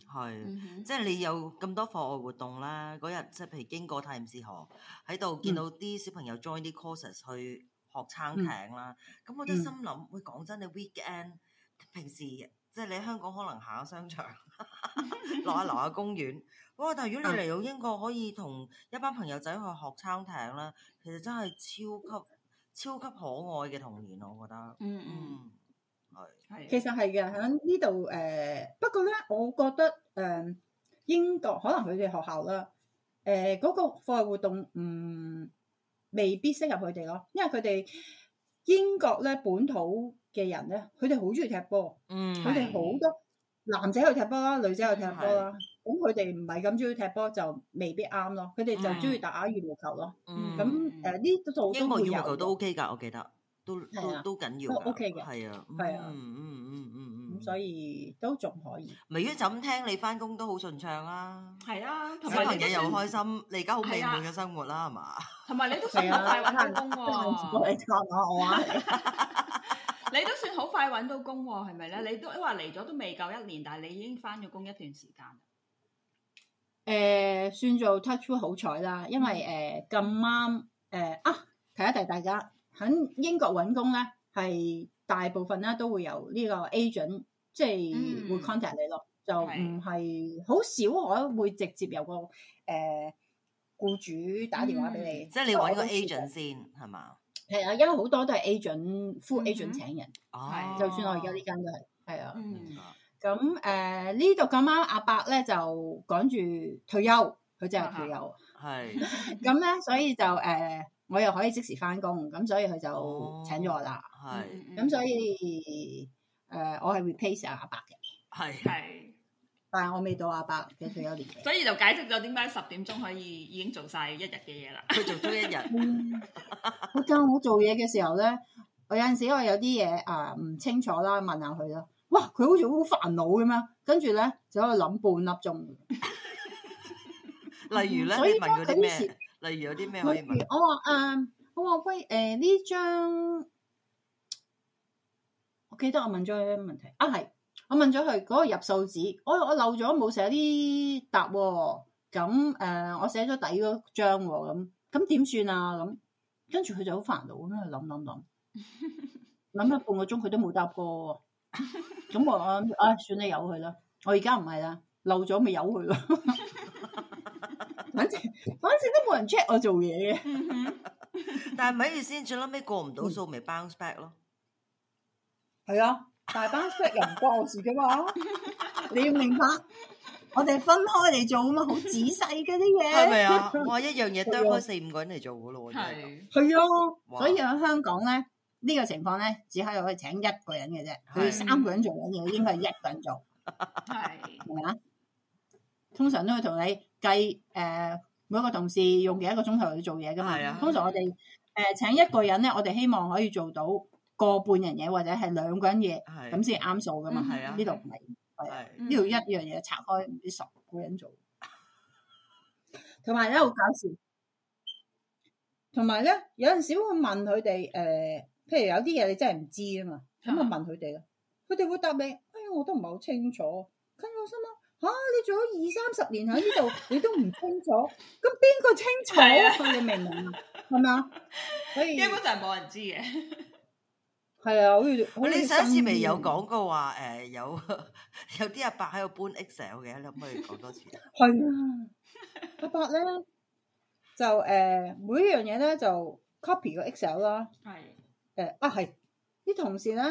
係，是嗯、哼即係你有咁多課外活動啦。嗰日即係譬如經過泰晤士河，喺度見到啲小朋友 join 啲 courses 去學撐艇啦。咁、嗯、哼我都心諗，喂，講真、嗯哼，你 weekend 平時即係、就是、你喺香港可能行下商場，落、嗯、哼 下落下公園。嗯、哼哇！但係如果你嚟到英國，可以同一班朋友仔去學撐艇啦，嗯、哼其實真係超級超級可愛嘅童年我覺得。嗯嗯。係，其實係嘅，喺呢度誒，不過咧，我覺得誒、呃，英國可能佢哋學校啦，誒、呃，嗰、那個課外活動唔、嗯、未必適合佢哋咯，因為佢哋英國咧本土嘅人咧，佢哋好中意踢波，嗯，佢哋好多男仔去踢波啦，女仔去踢波啦，咁佢哋唔係咁中意踢波就未必啱咯，佢哋就中意打羽毛球咯，咁誒呢度都羽毛球都 OK 噶，我記得。都都都緊要，都 OK 嘅，係啊，係啊，嗯嗯嗯嗯嗯，咁所以都仲可以。咪於就咁聽，你返工都好順暢啊，係啊，同埋小朋友又開心。你而家好美滿嘅生活啦，係嘛？同埋你都算好快揾到工喎，講我我啊，你都算好快揾到工喎，係咪咧？你都話嚟咗都未夠一年，但係你已經返咗工一段時間。誒，算做 touch wood 好彩啦，因為誒咁啱誒啊，提一提大家。喺英國揾工咧，係大部分咧都會由呢個 agent，即係會 contact 你咯，就唔係好少，我會直接有個誒僱主打電話俾你，即係你揾個 agent 先係嘛？係啊，因為好多都係 agent，full agent 請人，係就算我而家呢間都係，係啊。咁誒呢度咁啱阿伯咧就趕住退休，佢就係退休，係咁咧，所以就誒。我又可以即時翻工，咁所以佢就請咗我啦。係、哦，咁、嗯、所以誒、呃，我係 replace 阿伯嘅。係係，但係我未到阿伯嘅退休年。所以就解釋咗點解十點鐘可以已經做晒一日嘅嘢啦。佢做咗一日。佢教、 嗯、我做嘢嘅時候咧，我有陣時我有啲嘢啊唔清楚啦，問下佢咯。哇，佢好似好煩惱咁樣，跟住咧就喺度諗半粒鐘。例如咧，嗯、所以你問佢啲咩？例如有啲咩可以問？我話誒，我話喂，誒呢張，我記得我問咗佢問題啊，係我問咗佢嗰個入數紙，我我漏咗冇寫啲答喎，咁、嗯、誒、呃、我寫咗底嗰張喎，咁咁點算啊？咁跟住佢就好煩惱咁，佢諗諗諗，諗咗半個鐘佢都冇答過喎，咁 我我唉、哎、算你由佢啦，我而家唔係啦，漏咗咪由佢咯。 反正反正都冇人 check 我做嘢嘅，嗯， 但係咪要先最 last 尾過唔到數咪 balance back 咯？係啊，大 balance 又唔關我事噶嘛？你要明白，我哋分開嚟做啊嘛，好仔細嗰啲嘢。係咪 啊？我一樣嘢都開四、 啊、五個人嚟做噶咯，係係啊。啊 Wow 所以喺香港咧呢、這個情況咧，只可以可以請一個人嘅啫。佢是三個人做一樣嘢，應該係一個人做，係係咪啊？ 通常都會同你。計誒，每一個同事用幾一個鐘頭去做嘢噶嘛？通常我哋誒請一個人咧，我哋希望可以做到個半人嘢或者係兩個人嘢咁先啱數噶嘛？呢度唔係呢度一樣嘢拆開唔知十個人做。同埋咧好搞笑，同埋咧有陣時會問佢哋誒，譬如有啲嘢你真係唔知啊嘛，咁啊問佢哋，佢哋會答你，哎呀我都唔係好清楚，跟住我心諗。吓、啊！你做咗二三十年喺呢度，你都唔清楚，咁邊個清楚？你明唔明啊？係咪啊？所以根本就係冇人知嘅。係啊，好似好你上一次未有講過話誒，有有啲阿伯喺度搬 Excel 嘅，你可唔可以講多次？係啊，阿伯咧就誒每一樣嘢咧就 copy 個 Excel 啦。係誒對啊係啲、嗯、同事咧。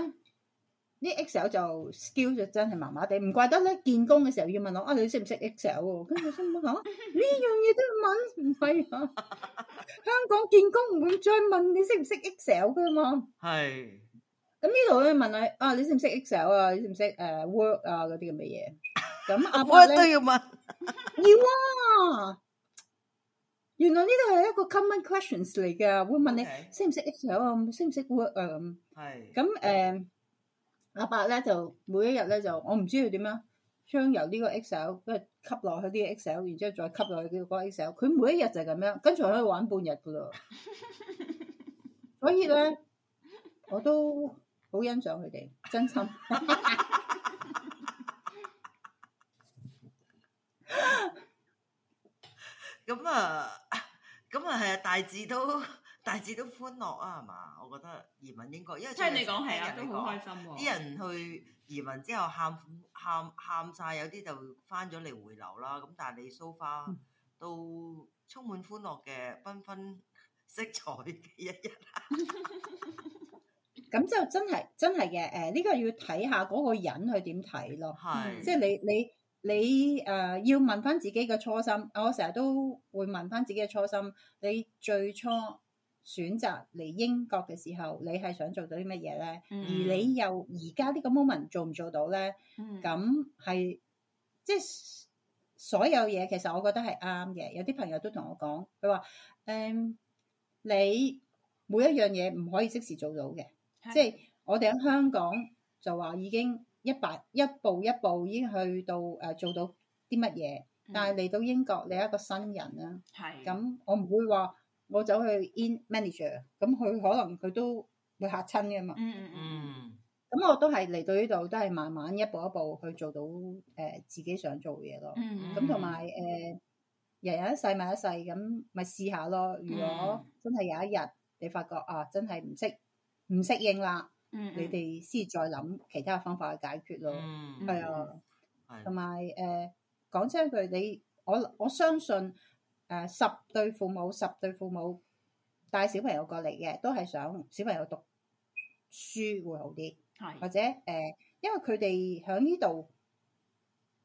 啲 Excel 就 skill 就真係麻麻地，唔怪得咧。搵工嘅時候要問我啊，你識唔識 Excel？跟住我心諗呢樣嘢都要問，唔係？香港搵工唔會再問你識唔識 Excel 噶嘛？係。咁呢度咧問你啊，你識唔識 Excel 啊？識唔識誒 Word 啊？嗰啲咁嘅嘢。咁 Word 都要問，要啊。原來呢度係一個 common questions 嚟嘅，會問你識唔識 Excel 啊？識唔識 Word 啊？咁係。咁誒。阿伯咧就每一日咧就我，我唔知佢點樣將由呢個 Excel，跟住吸落去啲 Excel，然之後再吸落去嗰個 Excel，佢每一日就係咁樣，跟住可以玩半日噶咯。 所以咧，我都好欣賞佢哋，真心。咁啊，咁啊，係啊，大致都～大致都歡樂啊，係嘛？我覺得移民英國，因為聽你講係啊，都好開心喎。啲人去移民之後喊喊喊晒，有啲就翻咗嚟回流啦。咁但係你 so far 都充滿歡樂嘅，繽紛、嗯、色彩嘅一日。咁 就真係真係嘅。誒呢個要睇下嗰個人去點睇咯。係即係你你你誒、呃、要問翻自己嘅初心。我成日都會問翻自己嘅初心。你最初，選擇嚟英國嘅時候，你係想做到啲乜嘢咧？Mm hmm. 而你又而家呢個 moment 做唔做到咧？咁係即係所有嘢，其實我覺得係啱嘅。有啲朋友都同我講，佢話：誒、嗯，你每一樣嘢唔可以即時做到嘅，即係的我哋喺香港就話已經一百一步一步已經去到誒、呃、做到啲乜嘢，但係嚟到英國你係一個新人啦，咁的我唔會話。我走去 in manager，咁、嗯、佢可能佢都會嚇親嘅嘛。嗯嗯咁我都係嚟到呢度，都係慢慢一步一步去做到誒、呃、自己想做嘅嘢咯嗯。嗯。咁同埋誒，嗯有呃、人，人一世咪一,一世，咁咪試下咯。如果真係有一日你發覺啊，真係唔適唔適應啦，嗯嗯、你哋先再諗其他方法去解決咯。嗯係啊。同埋誒，講真一句，你我我，我，我，我相信。誒、呃，十對父母，十對父母帶小朋友過嚟嘅，都係想小朋友讀書會好啲，是或者誒、呃，因為佢哋喺呢度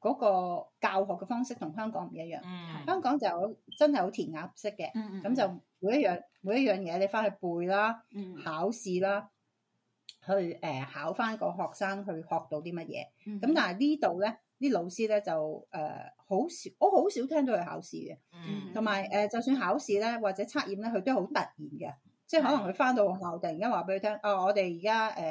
嗰個教學嘅方式同香港唔一樣，嗯、香港就真係好填鴨式嘅，咁、嗯嗯嗯、就每一樣每一樣嘢你翻去背啦、嗯嗯呃，考試啦，去誒考翻個學生去學到啲乜嘢，咁、嗯、但係呢度咧。啲老師咧就誒好、呃、少，我好少聽到佢考試嘅，同埋誒就算考試咧或者測驗咧，佢都係好突然嘅，即係可能佢翻到學校突然間話俾佢聽，哦，我哋而家誒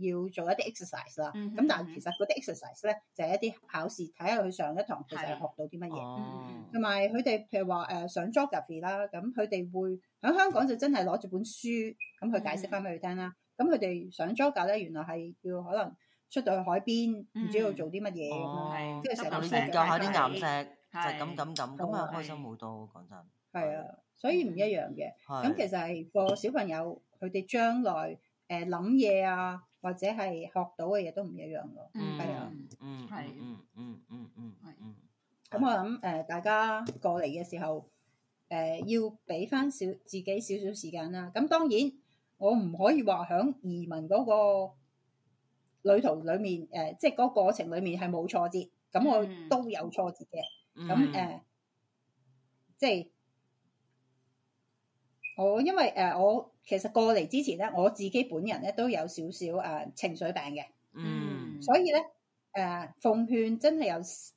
要做一啲 exercise 啦，咁、mm hmm. 但係其實嗰啲 exercise 咧就係、是、一啲考試，睇下佢上一堂其實係學到啲乜嘢，同埋佢哋譬如話誒上 geography 啦，咁佢哋會喺香港就真係攞住本書咁去解釋翻俾佢聽啦。咁佢哋上 geography 咧原來係要可能。出到去海邊，唔知要做啲乜嘢，即係成日都研究下啲岩石，就咁咁咁咁啊，開心好多，講真。係啊，所以唔一樣嘅。咁其實係個小朋友佢哋將來誒諗嘢啊，或者係學到嘅嘢都唔一樣咯，係啊，嗯，係，嗯嗯嗯嗯，係。咁我諗誒，大家過嚟嘅時候誒，要俾翻少自己少少時間啦。咁當然我唔可以話響移民嗰個。旅途裡面，誒、呃，即係嗰過程裡面係冇挫折，咁我都有挫折嘅。咁誒、嗯呃，即係我、嗯、因為誒、呃、我其實過嚟之前咧，我自己本人咧都有少少啊情緒病嘅。嗯。所以咧誒、呃，奉勸真係有誒、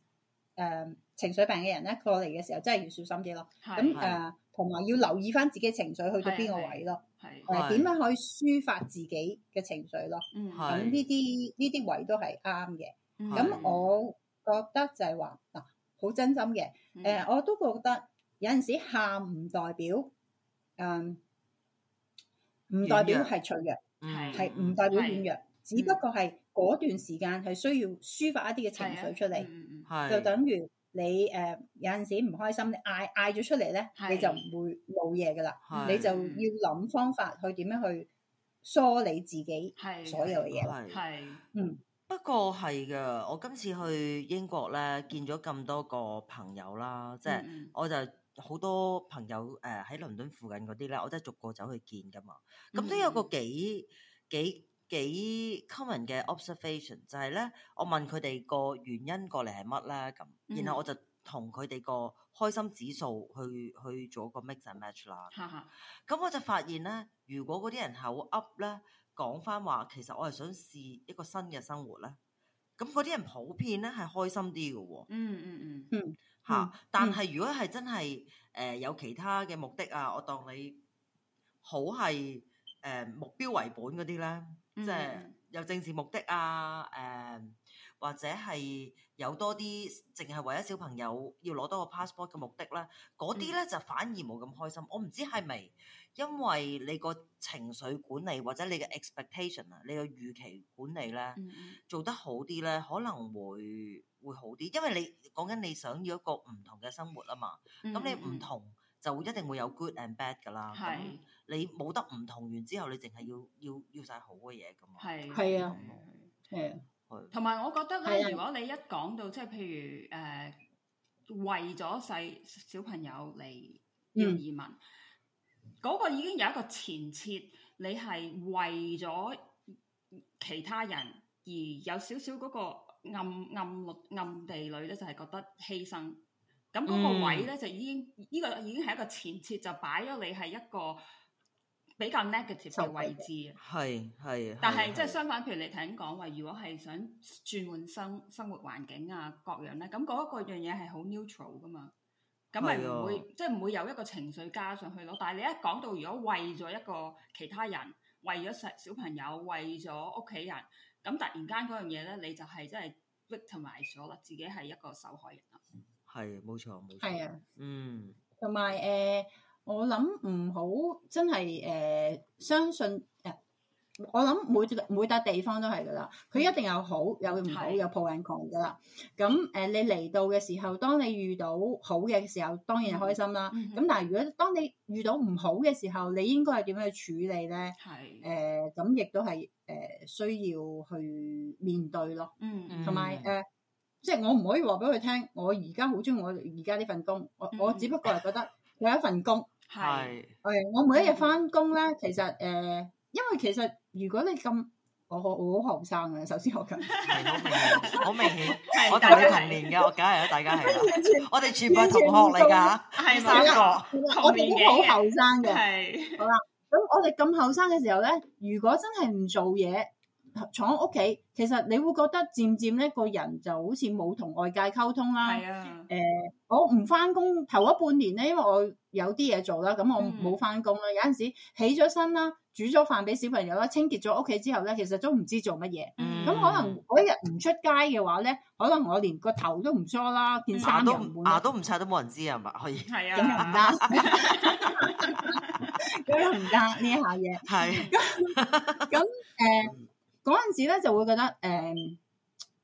呃、情緒病嘅人咧過嚟嘅時候，真係要小心啲咯。咁誒是，同埋、呃、是要留意翻自己情緒去到邊個位咯。係，誒點對、呃、樣可以抒發自己嘅情緒咯？咁呢啲呢啲位都係啱嘅。咁我覺得就係話嗱，好真心嘅。誒、呃，我都覺得有陣時喊唔代表，誒、嗯、唔代表係脆弱，係唔是是代表軟弱，是是只不過係嗰段時間係需要抒發一啲嘅情緒出嚟，就等於。你誒、呃、有陣時唔開心，嗌嗌咗出嚟咧，是你就唔會冇嘢噶啦，是你就要諗方法去點樣去梳理自己所有嘢。係，嗯，不過係噶，我今次去英國咧，見咗咁多個朋友啦，即、就、係、是、我就好多朋友誒喺、呃、倫敦附近嗰啲咧，我都係逐個走去見噶嘛，咁都有個幾、嗯、幾。幾 common 嘅 observation 就係咧，我問佢哋個原因過嚟係乜咧咁，mm hmm. 然後我就同佢哋個開心指數去去做個 mix and match 啦。咁、 嗯、我就發現咧，如果嗰啲人口 up 咧，講翻話其實我係想試一個新嘅生活咧，咁嗰啲人普遍咧係開心啲嘅喎。嗯嗯嗯嗯嚇，但係如果係真係誒、呃、有其他嘅目的啊，我當你好係誒、呃、目標為本嗰啲咧。即係、mm hmm. 有政治目的啊，誒、uh,，或者係有多啲淨係為咗小朋友要攞多個 passport 嘅目的咧，嗰啲咧就反而冇咁開心。我唔知係咪因為你個情緒管理或者你嘅 expectation 啊，你嘅預期管理咧、mm hmm. 做得好啲咧，可能會會好啲。因為你講緊你想要一個唔同嘅生活啊嘛，咁、mm hmm. 你唔同就一定會有 good and bad 噶啦。係。你冇得唔同完之後，你淨係要要要曬好嘅嘢咁。係係啊，係啊。同埋我覺得咧，的如果你一講到即係譬如誒、呃，為咗細小，小朋友嚟要移民，嗰、嗯、個已經有一個前設，你係為咗其他人而有少少嗰個暗暗暗地裏咧，就係、是、覺得犧牲。咁嗰個位咧就已經呢、嗯、個已經係一個前設，就擺咗你係一個比較 negative 嘅位置，係係。但係即係相反，譬如你聽講話，如果係想轉換生生活環境啊各樣咧，咁、那、嗰個樣嘢係好 neutral 噶嘛，咁咪唔會即係唔會有一個情緒加上去咯。但係你一講到如果為咗一個其他人，為咗細小朋友，為咗屋企人，咁突然間嗰樣嘢咧，你就係真係 victim 埋咗啦，自己係一個受害人啦。係冇錯，冇錯。係啊。嗯。同埋誒。Uh, 我諗唔好真係誒、呃，相信誒、呃，我諗每每笪地方都係噶啦。佢一定有好有唔好的有 positive 嘅啦。咁誒、呃，你嚟到嘅時候，當你遇到好嘅時候，當然係開心啦。咁、嗯嗯、但係如果當你遇到唔好嘅時候，你應該係點樣去處理咧？係誒的，咁亦都係誒，需要去面對咯。嗯，同埋誒，即係我唔可以話俾佢聽，我而家好中意我而家呢份工。我我只不過係覺得。 有一份工係誒，我每一日翻工咧，其實誒，因為其實如果你咁，我我好後生嘅，首先我講係好明顯，好明顯，我同你同年嘅，我梗係啦，大家係啦，我哋全部同學嚟噶，係三個，我哋都好後生嘅，係好啦，咁我哋咁後生嘅時候咧，如果真係唔做嘢。坐喺屋企，其實你會覺得漸漸咧個人就好似冇同外界溝通啦。係啊，誒，我唔翻工頭一半年咧，因為我有啲嘢做啦，咁我冇翻工啦。有陣時起咗身啦，煮咗飯俾小朋友啦，清潔咗屋企之後咧，其實都唔知做乜嘢。嗯，咁可能一日唔出街嘅話咧，可能我連個頭都唔梳啦，件衫都唔，牙都唔刷，都冇人知係咪？可以。係啊，咁又唔得，咁又唔得呢下嘢。係，咁誒。嗰陣時咧就會覺得誒、呃、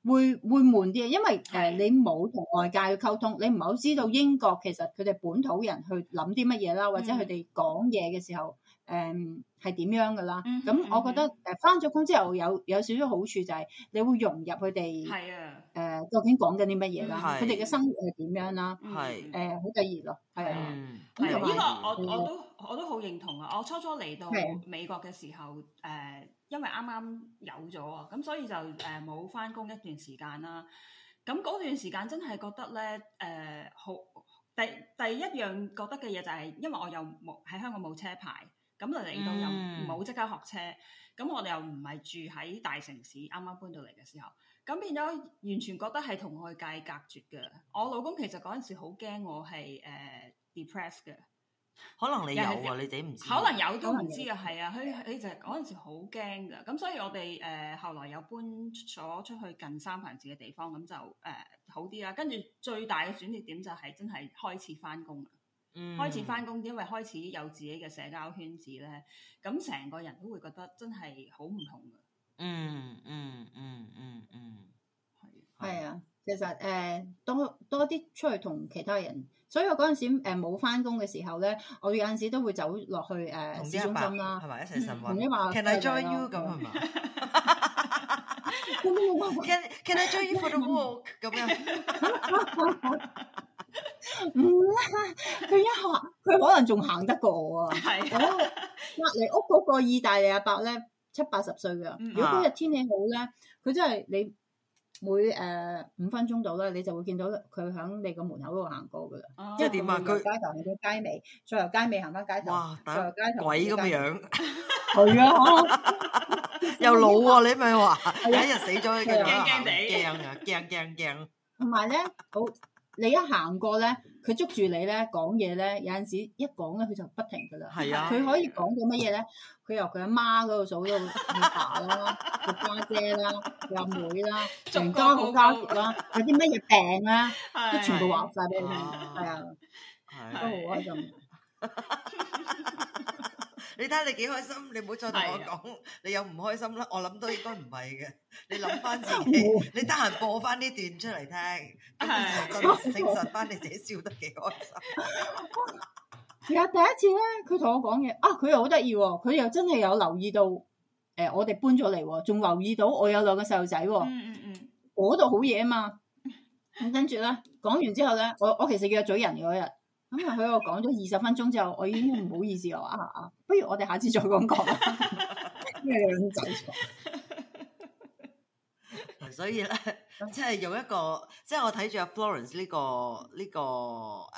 會會悶啲，因為誒、呃、你冇同外界去溝通，你唔係好知道英國其實佢哋本土人去諗啲乜嘢啦，或者佢哋講嘢嘅時候。嗯誒，係點樣㗎啦？咁我覺得誒，返咗工之後有有少少好處，就係你會融入佢哋，誒，究竟講緊啲乜嘢啦？佢哋嘅生活係點樣啦？誒，好得意咯。係啊，咁呢個我我都我都好認同啊！我初初嚟到美國嘅時候，誒，因為啱啱有咗啊，咁所以就誒冇返工一段時間啦。咁嗰段時間真係覺得咧，誒，好第第一樣覺得嘅嘢就係，因為我又冇喺香港冇車牌。咁嚟到又唔好即刻學車，咁我哋又唔係住喺大城市，啱啱搬到嚟嘅時候，咁變咗完全覺得係同外界隔絕嘅。我老公其實嗰陣時好驚我係誒 depressed 嘅，可能你有啊，係，你哋唔知，可能有都唔知，知啊，係啊，佢佢就係嗰陣時好驚㗎。咁所以我哋誒、uh, 後來又搬咗出去近三環線嘅地方，咁就誒、uh, 好啲啦、啊。跟住最大嘅轉折點就係真係開始返工啦。嗯，開始翻工，因為開始有自己嘅社交圈子咧，咁成個人都會覺得真係好唔同嘅。嗯嗯嗯嗯嗯，係係啊，其實誒多多啲出去同其他人，所以我嗰陣時誒冇翻工嘅時候咧，我有陣時都會走落去誒市中心啦，係咪一齊晨運？同你話 Can I join you 咁係嘛？Can Can I join you for the walk？咁樣。唔啦，佢一學，佢可能仲行得過我啊！係，隔籬屋嗰個意大利阿伯咧，七八十歲噶。如果今日天氣好咧，佢真係你每誒五分鐘到咧，你就會見到佢喺你個門口度行過噶啦。即係點啊？佢街頭去到街尾，再由街尾行翻街頭，哇！鬼咁嘅樣，係啊，又老啊！你咪話有一日死咗，佢驚驚地，驚啊，驚驚驚！同埋咧，好。你一行過咧，佢捉住你咧講嘢咧，有陣時一講咧佢就不停噶啦。係啊，佢可以講到乜嘢咧？佢由佢阿媽嗰度數到阿爸啦，佢家姐啦，佢阿妹啦，全家好交好啦，有啲乜嘢病咧、啊，都全部話曬俾你，係啊，啊啊都好開心。 你睇下你幾開心，你唔好再同我講的，你有唔開心啦。我諗都應該唔係嘅，你諗翻自己， 你得閒播翻呢段出嚟聽，證實翻你自己笑得幾開心。而家 第一次咧，佢同我講嘢，啊，佢又好得意喎，佢又真係有留意到，誒、欸，我哋搬咗嚟，仲留意到我有兩個細路仔，嗰度好嘢啊嘛。咁跟住咧，講完之後咧，我我其實約咗人嗰日。咁啊，佢我講咗二十分鐘之後，我已經唔好意思啦，啊啊，不如我哋下次再講講啦，咩樣仔錯？ 所以咧，即係用一個，即係我睇住阿 Florence 呢個呢個誒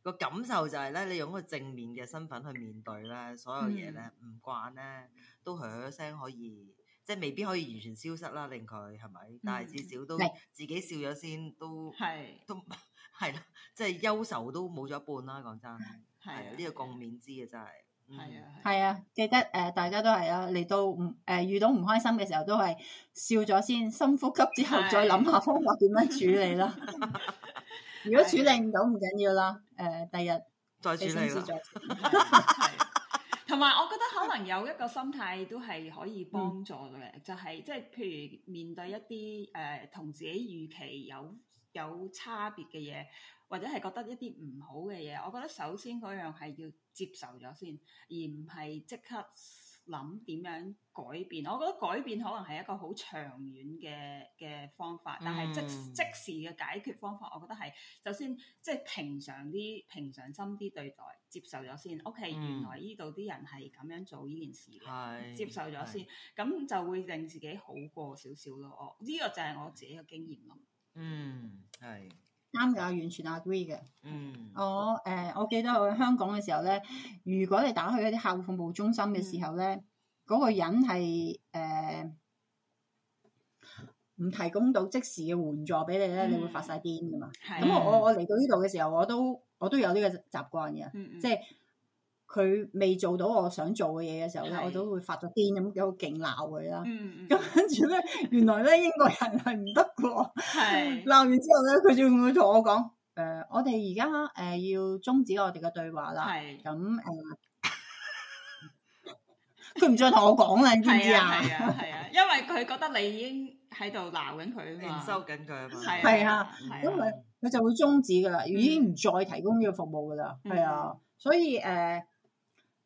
個感受就係咧，你用一個正面嘅身份去面對咧，所有嘢咧唔慣咧，都響一聲可以，即係未必可以完全消失啦，令佢係咪？但係至少都自己笑咗先，都係都係咯。是的 即係憂愁都冇咗一半啦，講真，係啊，呢、這個共勉之嘅真係，係、嗯、啊，係啊，記得誒、呃，大家都係啊。嚟到唔，誒、呃、遇到唔開心嘅時候，都係笑咗先，深呼吸之後再諗下方法點樣處理啦。 如果處理唔到唔緊要啦，誒，第日再處理。同埋，嗯， 我覺得可能有一個心態都係可以幫助嘅，就係即係譬如面對一啲誒同自己預期有。有差別嘅嘢，或者係覺得一啲唔好嘅嘢，我覺得首先嗰樣係要接受咗先，而唔係即刻諗點樣改變。我覺得改變可能係一個好長遠嘅嘅方法，但係即、嗯、即時嘅解決方法，我覺得係首先即係平常啲、平常心啲對待，接受咗先。O.K.、嗯、原來呢度啲人係咁樣做呢件事嘅，係接受咗先，咁就會令自己好過少少咯。哦，呢個就係我自己嘅經驗咯。嗯，係啱噶，完全 agree 嘅。嗯，我誒、呃，我記得我喺香港嘅時候咧，如果你打去一啲客戶服務中心嘅時候咧，嗰、嗯、個人係誒唔提供到即時嘅援助俾你咧，你會發晒癲噶嘛？係、嗯。咁我我我嚟到呢度嘅時候，我都我都有呢個習慣嘅，嗯嗯、即係。佢未做到我想做嘅嘢嘅時候咧，是的 我都會發咗癲咁幾好勁鬧佢啦。咁跟住咧，原來咧英國人係唔得嘅。鬧是的 完之後咧，佢就會同我講：誒、呃，我哋而家誒要終止我哋嘅對話啦。咁誒，佢唔再同我講啦，你知唔知啊？係啊， 係啊，因為佢覺得你已經喺度鬧緊佢啊，收緊佢啊嘛。係啊，因為佢就會終止噶啦，已經唔再提供呢個服務噶啦。係啊，所以誒。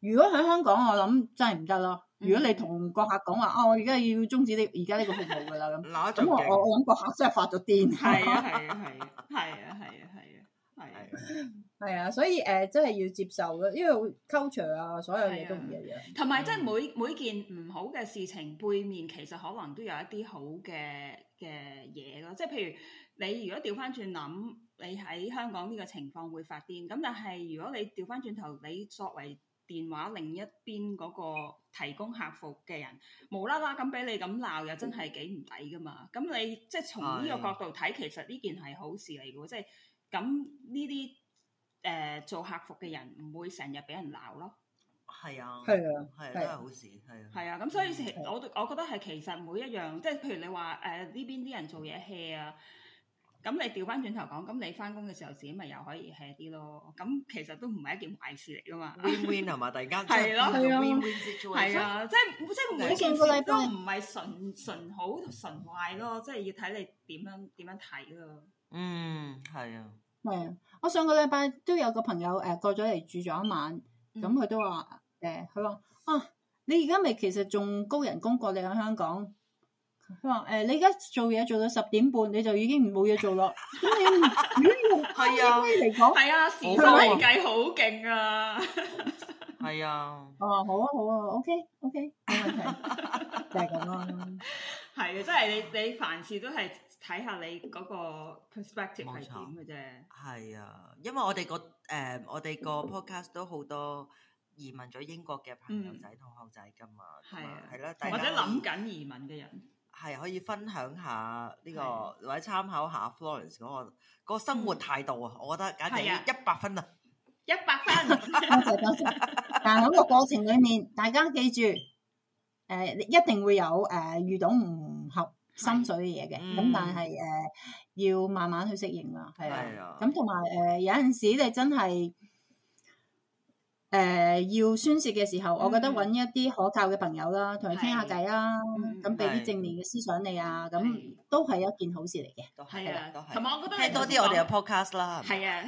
如果喺香港，我諗真係唔得咯。嗯、如果你同顧客講話，啊，我而家要終止呢而家呢個服務噶啦咁，嗱， 咁我我諗顧客真係發咗癲。係 啊，係啊係啊係啊係啊係啊係啊，所以誒、呃、真係要接受咯，因為 culture 啊，所有嘢都唔一樣。同埋、啊，即係每、嗯、每件唔好嘅事情背面，其實可能都有一啲好嘅嘅嘢咯。即係譬如你如果調翻轉諗，你喺香港呢個情況會發癲。咁但係如果你調翻轉頭，你作為電話另一邊嗰個提供客服嘅人，無啦啦咁俾你咁鬧，又真係幾唔抵噶嘛！咁你即係從呢個角度睇，其實呢件係好事嚟嘅喎，即係咁呢啲誒做客服嘅人唔會成日俾人鬧咯。係啊，係啊，係都係好事，係啊。係啊，咁所以我我覺得係其實每一樣，即係譬如你話誒呢邊啲人做嘢 hea 啊。咁你調翻轉頭講，咁你翻工嘅時候自己咪又可以 hea 啲咯。咁其實都唔係一件壞事嚟噶嘛。Win win 係嘛？ 突然間做 win win 嘅 job。係啊， 啊即係即係每件事都唔係純純好純壞咯，即係要睇你點樣點樣睇咯。嗯，係啊。係啊，我上個禮拜都有個朋友誒過咗嚟住咗一晚，咁佢、嗯、都話誒佢話啊，你而家咪其實仲高人工過你喺香港。佢話誒，你而家做嘢做到十點半，你就已經冇嘢做咯。咁你係啊，係啊，時間嚟計好勁啊。係啊。哦，好啊，好啊，OK，OK，冇問題，就係咁咯。係啊，真係你你凡事都係睇下你嗰個 perspective 係點嘅啫。係啊，因為我哋個誒，我哋個 podcast 都好多移民咗英國嘅朋友仔同學仔噶嘛，係啊，係咯，或者諗緊移民嘅人。係可以分享下呢、這個，或者、啊、參考下 Florence 嗰、那個那個生活態度啊！嗯、我覺得簡直一百分啊！一百分， 100 分笑 但係喺個過程裡面，大家記住，誒、呃、一定會有誒、呃、遇到唔合心水嘅嘢嘅，咁、啊嗯、但係誒、呃、要慢慢去適應啦，係啊，咁同埋誒有陣、呃、時你真係。誒，要宣洩嘅時候，我覺得揾一啲可靠嘅朋友啦，同佢傾下偈啦，咁俾啲正面嘅思想你啊，咁都係一件好事嚟嘅。係啊，同埋我覺得聽多啲我哋嘅 podcast 啦。係啊，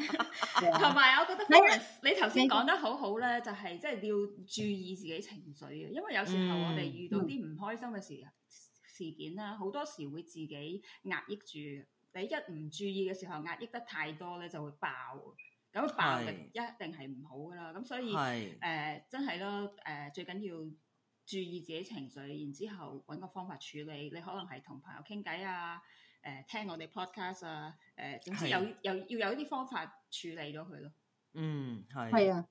同埋我覺得，Florence 你頭先講得好好咧，就係即係要注意自己情緒啊，因為有時候我哋遇到啲唔開心嘅事事件啦，好多時會自己壓抑住，你一唔注意嘅時候，壓抑得太多咧，就會爆。咁暴力一定係唔好噶啦，咁的所以誒、呃、真係咯，誒、呃、最緊要注意自己情緒，然之後揾個方法處理。你可能係同朋友傾偈啊，誒、呃、聽我哋 podcast 啊，誒、呃、總之有的有，有要有啲方法處理到佢咯。嗯，係。係啊，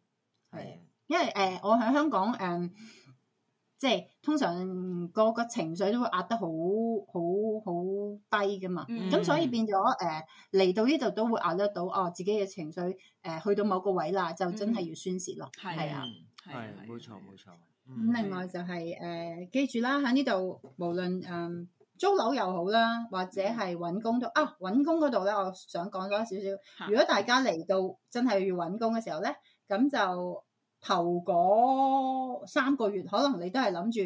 係啊，因為誒我喺香港誒。即係通常個個情緒都會壓得好好好低㗎嘛，咁、嗯嗯、所以變咗誒嚟到呢度都會壓得到哦，自己嘅情緒誒、呃、去到某個位啦，就真係要宣泄咯，係、嗯、啊，係冇錯冇錯。咁、嗯、另外就係、是、誒、呃、記住啦，喺呢度無論誒、嗯、租樓又好啦，或者係揾工都啊揾工嗰度咧，我想講多少少。如果大家嚟到真係要揾工嘅時候咧，咁就。頭嗰三個月，可能你都係諗住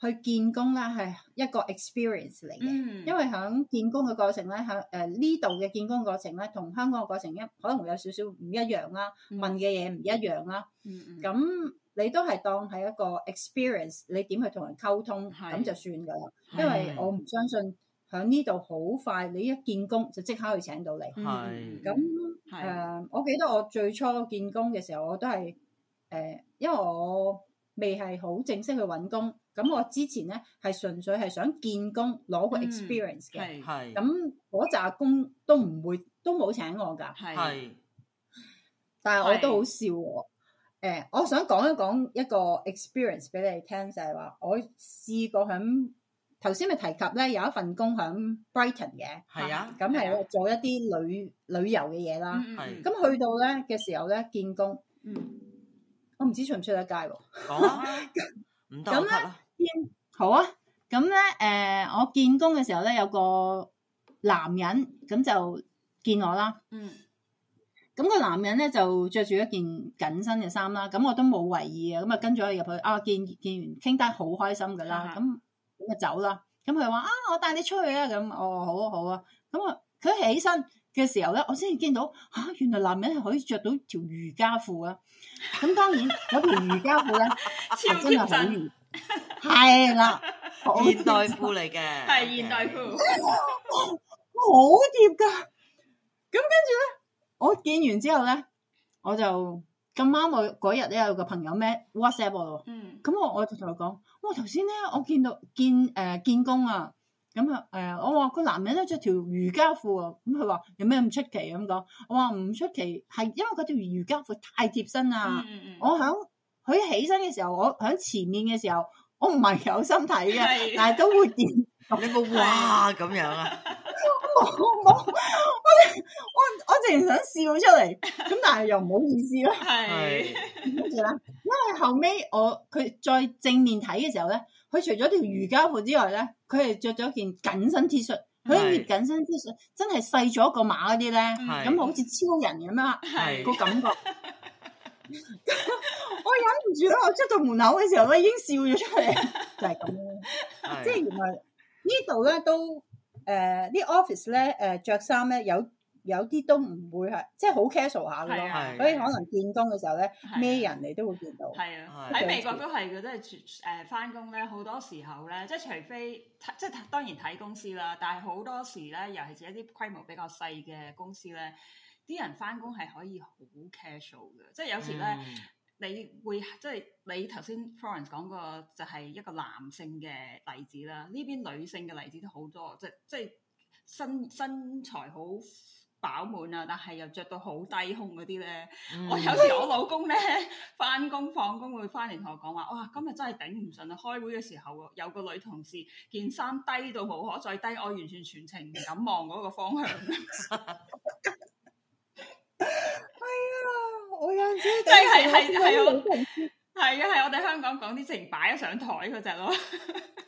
去見工啦，係一個 experience 嚟嘅。嗯、因為響見工嘅過程咧，響誒呢度嘅見工過程咧，同香港嘅過程一會可能有少少唔一樣啦，嗯、問嘅嘢唔一樣啦。嗯咁、嗯、你都係當係一個 experience，你點去同人溝通咁是就算噶啦。因為我唔相信響呢度好快，你一見工就即刻去請到你。係。咁誒，我記得我最初見工嘅時候，我都係。誒，因為我未係好正式去揾工，咁我之前咧係純粹係想見工攞個 experience 嘅，咁嗰紮工都唔會，都冇請我噶。係是，但係我都好笑。誒、嗯，我想講一講一個 experience 俾你聽，就係、是、話我試過響頭先咪提及咧有一份工響 Brighton 嘅，係啊，咁係做一啲旅旅遊嘅嘢啦，咁去到咧嘅時候咧見工。我唔知出唔出得街喎、啊。咁 咧那、哦，好啊。咁咧，誒、呃，我見工嘅時候咧，有個男人咁就見我啦。嗯。咁個男人咧就着住一件緊身嘅衫啦。咁我都冇為意啊。咁啊，跟住佢入去啊，見見完傾得好開心噶啦。咁咁啊走啦。咁佢話啊，我帶你出去啊。咁，哦，好啊，好啊。咁、嗯、啊，佢起身嘅時候咧，我先至見到吓，原來男人係可以着到條瑜伽褲啊！咁當然，嗰條瑜伽褲咧，係真係好熱，係啦，現代褲嚟嘅，係現代褲，好貼噶！咁跟住咧，我見完之後咧，我就咁啱我嗰日咧有個朋友咩 WhatsApp 我咯，咁我我就同佢講，我頭先咧我見到見誒見工啊！咁啊，誒、嗯，我話個男人咧着條瑜伽褲啊，咁佢話有咩咁出奇咁講？我話唔出奇，係因為嗰條瑜伽褲太貼身啦。嗯、我響佢起身嘅時候，我響前面嘅時候，我唔係有心睇嘅，的但係都會見你個哇咁樣啊。 我我我我我淨係想笑出嚟，咁但係又唔好意思咯。係的，跟住咧，因為 後尾我佢再正面睇嘅時候咧。佢除咗條瑜伽褲之外咧，佢係着咗件緊身 T 恤。佢呢件緊身 T 恤真係細咗個碼啲咧，咁是好似超人咁樣，個感覺，的 我忍唔住囉！我出到門口嘅時候，咧已經笑咗出嚟， 就係咁樣。的即係原來呢度咧都誒啲 office 咧誒著衫咧有。有啲都唔會係，即係好 casual 下嘅咯，啊、所以可能見工嘅時候咧，咩、啊、人你都會見到。係啊，喺美國都係嘅，即係誒翻工咧，好多時候咧，即係除非即係當然睇公司啦，但係好多時咧，尤其係一啲規模比較細嘅公司咧，啲人翻工係可以好 casual 嘅，即係有時咧，你會即係你頭先 Florence 講過就係一個男性嘅例子啦，呢邊女性嘅例子都好多，即即係身身材好。飽滿啊！但係又着到好低胸嗰啲咧，嗯、我有時我老公咧翻工放工會翻嚟同我講話，哇！今日真係頂唔順啊！開會嘅時候有個女同事件衫低到無可再低，我完全全程唔敢望嗰個方向。係啊、 哎，我有陣時真係係係我係啊係我哋香港講啲成擺喺上台嗰隻咯。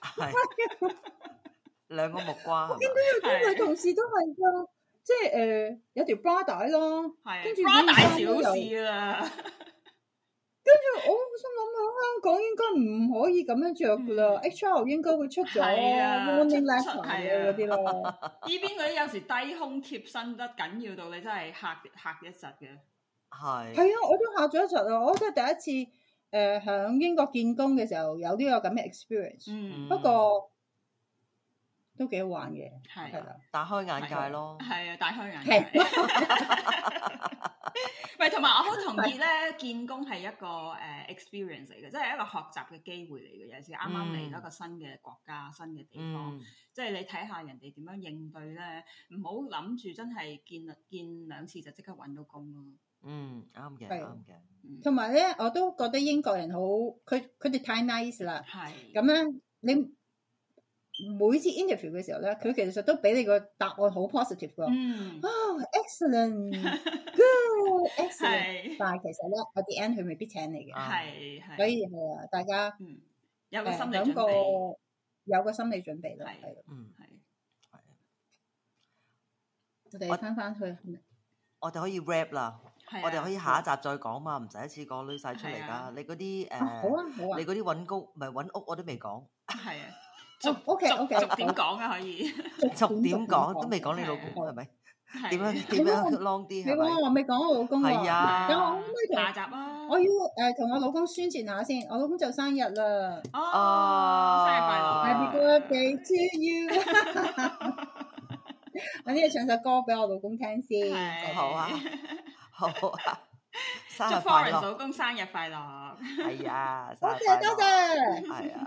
係 兩個木瓜， 我見到有啲女同事都係噶。即係誒、呃，有條 bra 帶啦，係啊，bra 帶小事啦。跟 住我心諗，喺香港應該唔可以咁樣着噶啦。嗯、H R 應該會出咗 warning letter 嘅嗰啲咯。依邊啲有時低胸貼身得緊要到你真係吓吓一窒嘅。係的。係啊，我都吓咗一窒啊！我真係第一次誒，響、呃、英國見工嘅時候有呢、這個咁嘅、這個、experience。不過、嗯。 都幾好玩嘅，係，打開眼界咯，係啊，大開眼界。唔係，同埋我好同意咧，見工係一個誒 experience 嚟嘅，即係一個學習嘅機會嚟嘅。有陣時啱啱嚟到一個新嘅國家、新嘅地方，即係你睇下人哋點樣應對咧，唔好諗住真係見見兩次就即刻搵到工咯。嗯，啱嘅，啱嘅。同埋咧，我都覺得英國人好，佢佢哋太 nice 啦。係，咁咧，你。每次 interview 嘅時候咧，佢其實都俾你個答案好 positive 噶。嗯。啊，excellent，good，excellent。但係其實咧，我啲 end 佢未必請你嘅。係。所以係啊，大家有個心理準有個心理準備咯，係，嗯係。我哋翻翻去，我哋可以 rap 啦。我哋可以下一集再講嘛，唔使一次講攞晒出嚟噶。你嗰啲誒，好啊好啊。你嗰啲搵工唔係搵屋，我都未講。係啊。OK，OK，逐點講啊？可以，逐逐點講，都未講你老公係咪？點樣點樣 long 啲係咪？我話未講我老公，係啊。咁我可唔可以同我要誒同我老公宣傳下先，我老公就生日啦。哦，生日快樂！Happy birthday to you。我呢度唱首歌俾我老公聽先，好啊，好啊，生日快樂！祝我老公生日快樂！係啊，多謝多謝，係啊。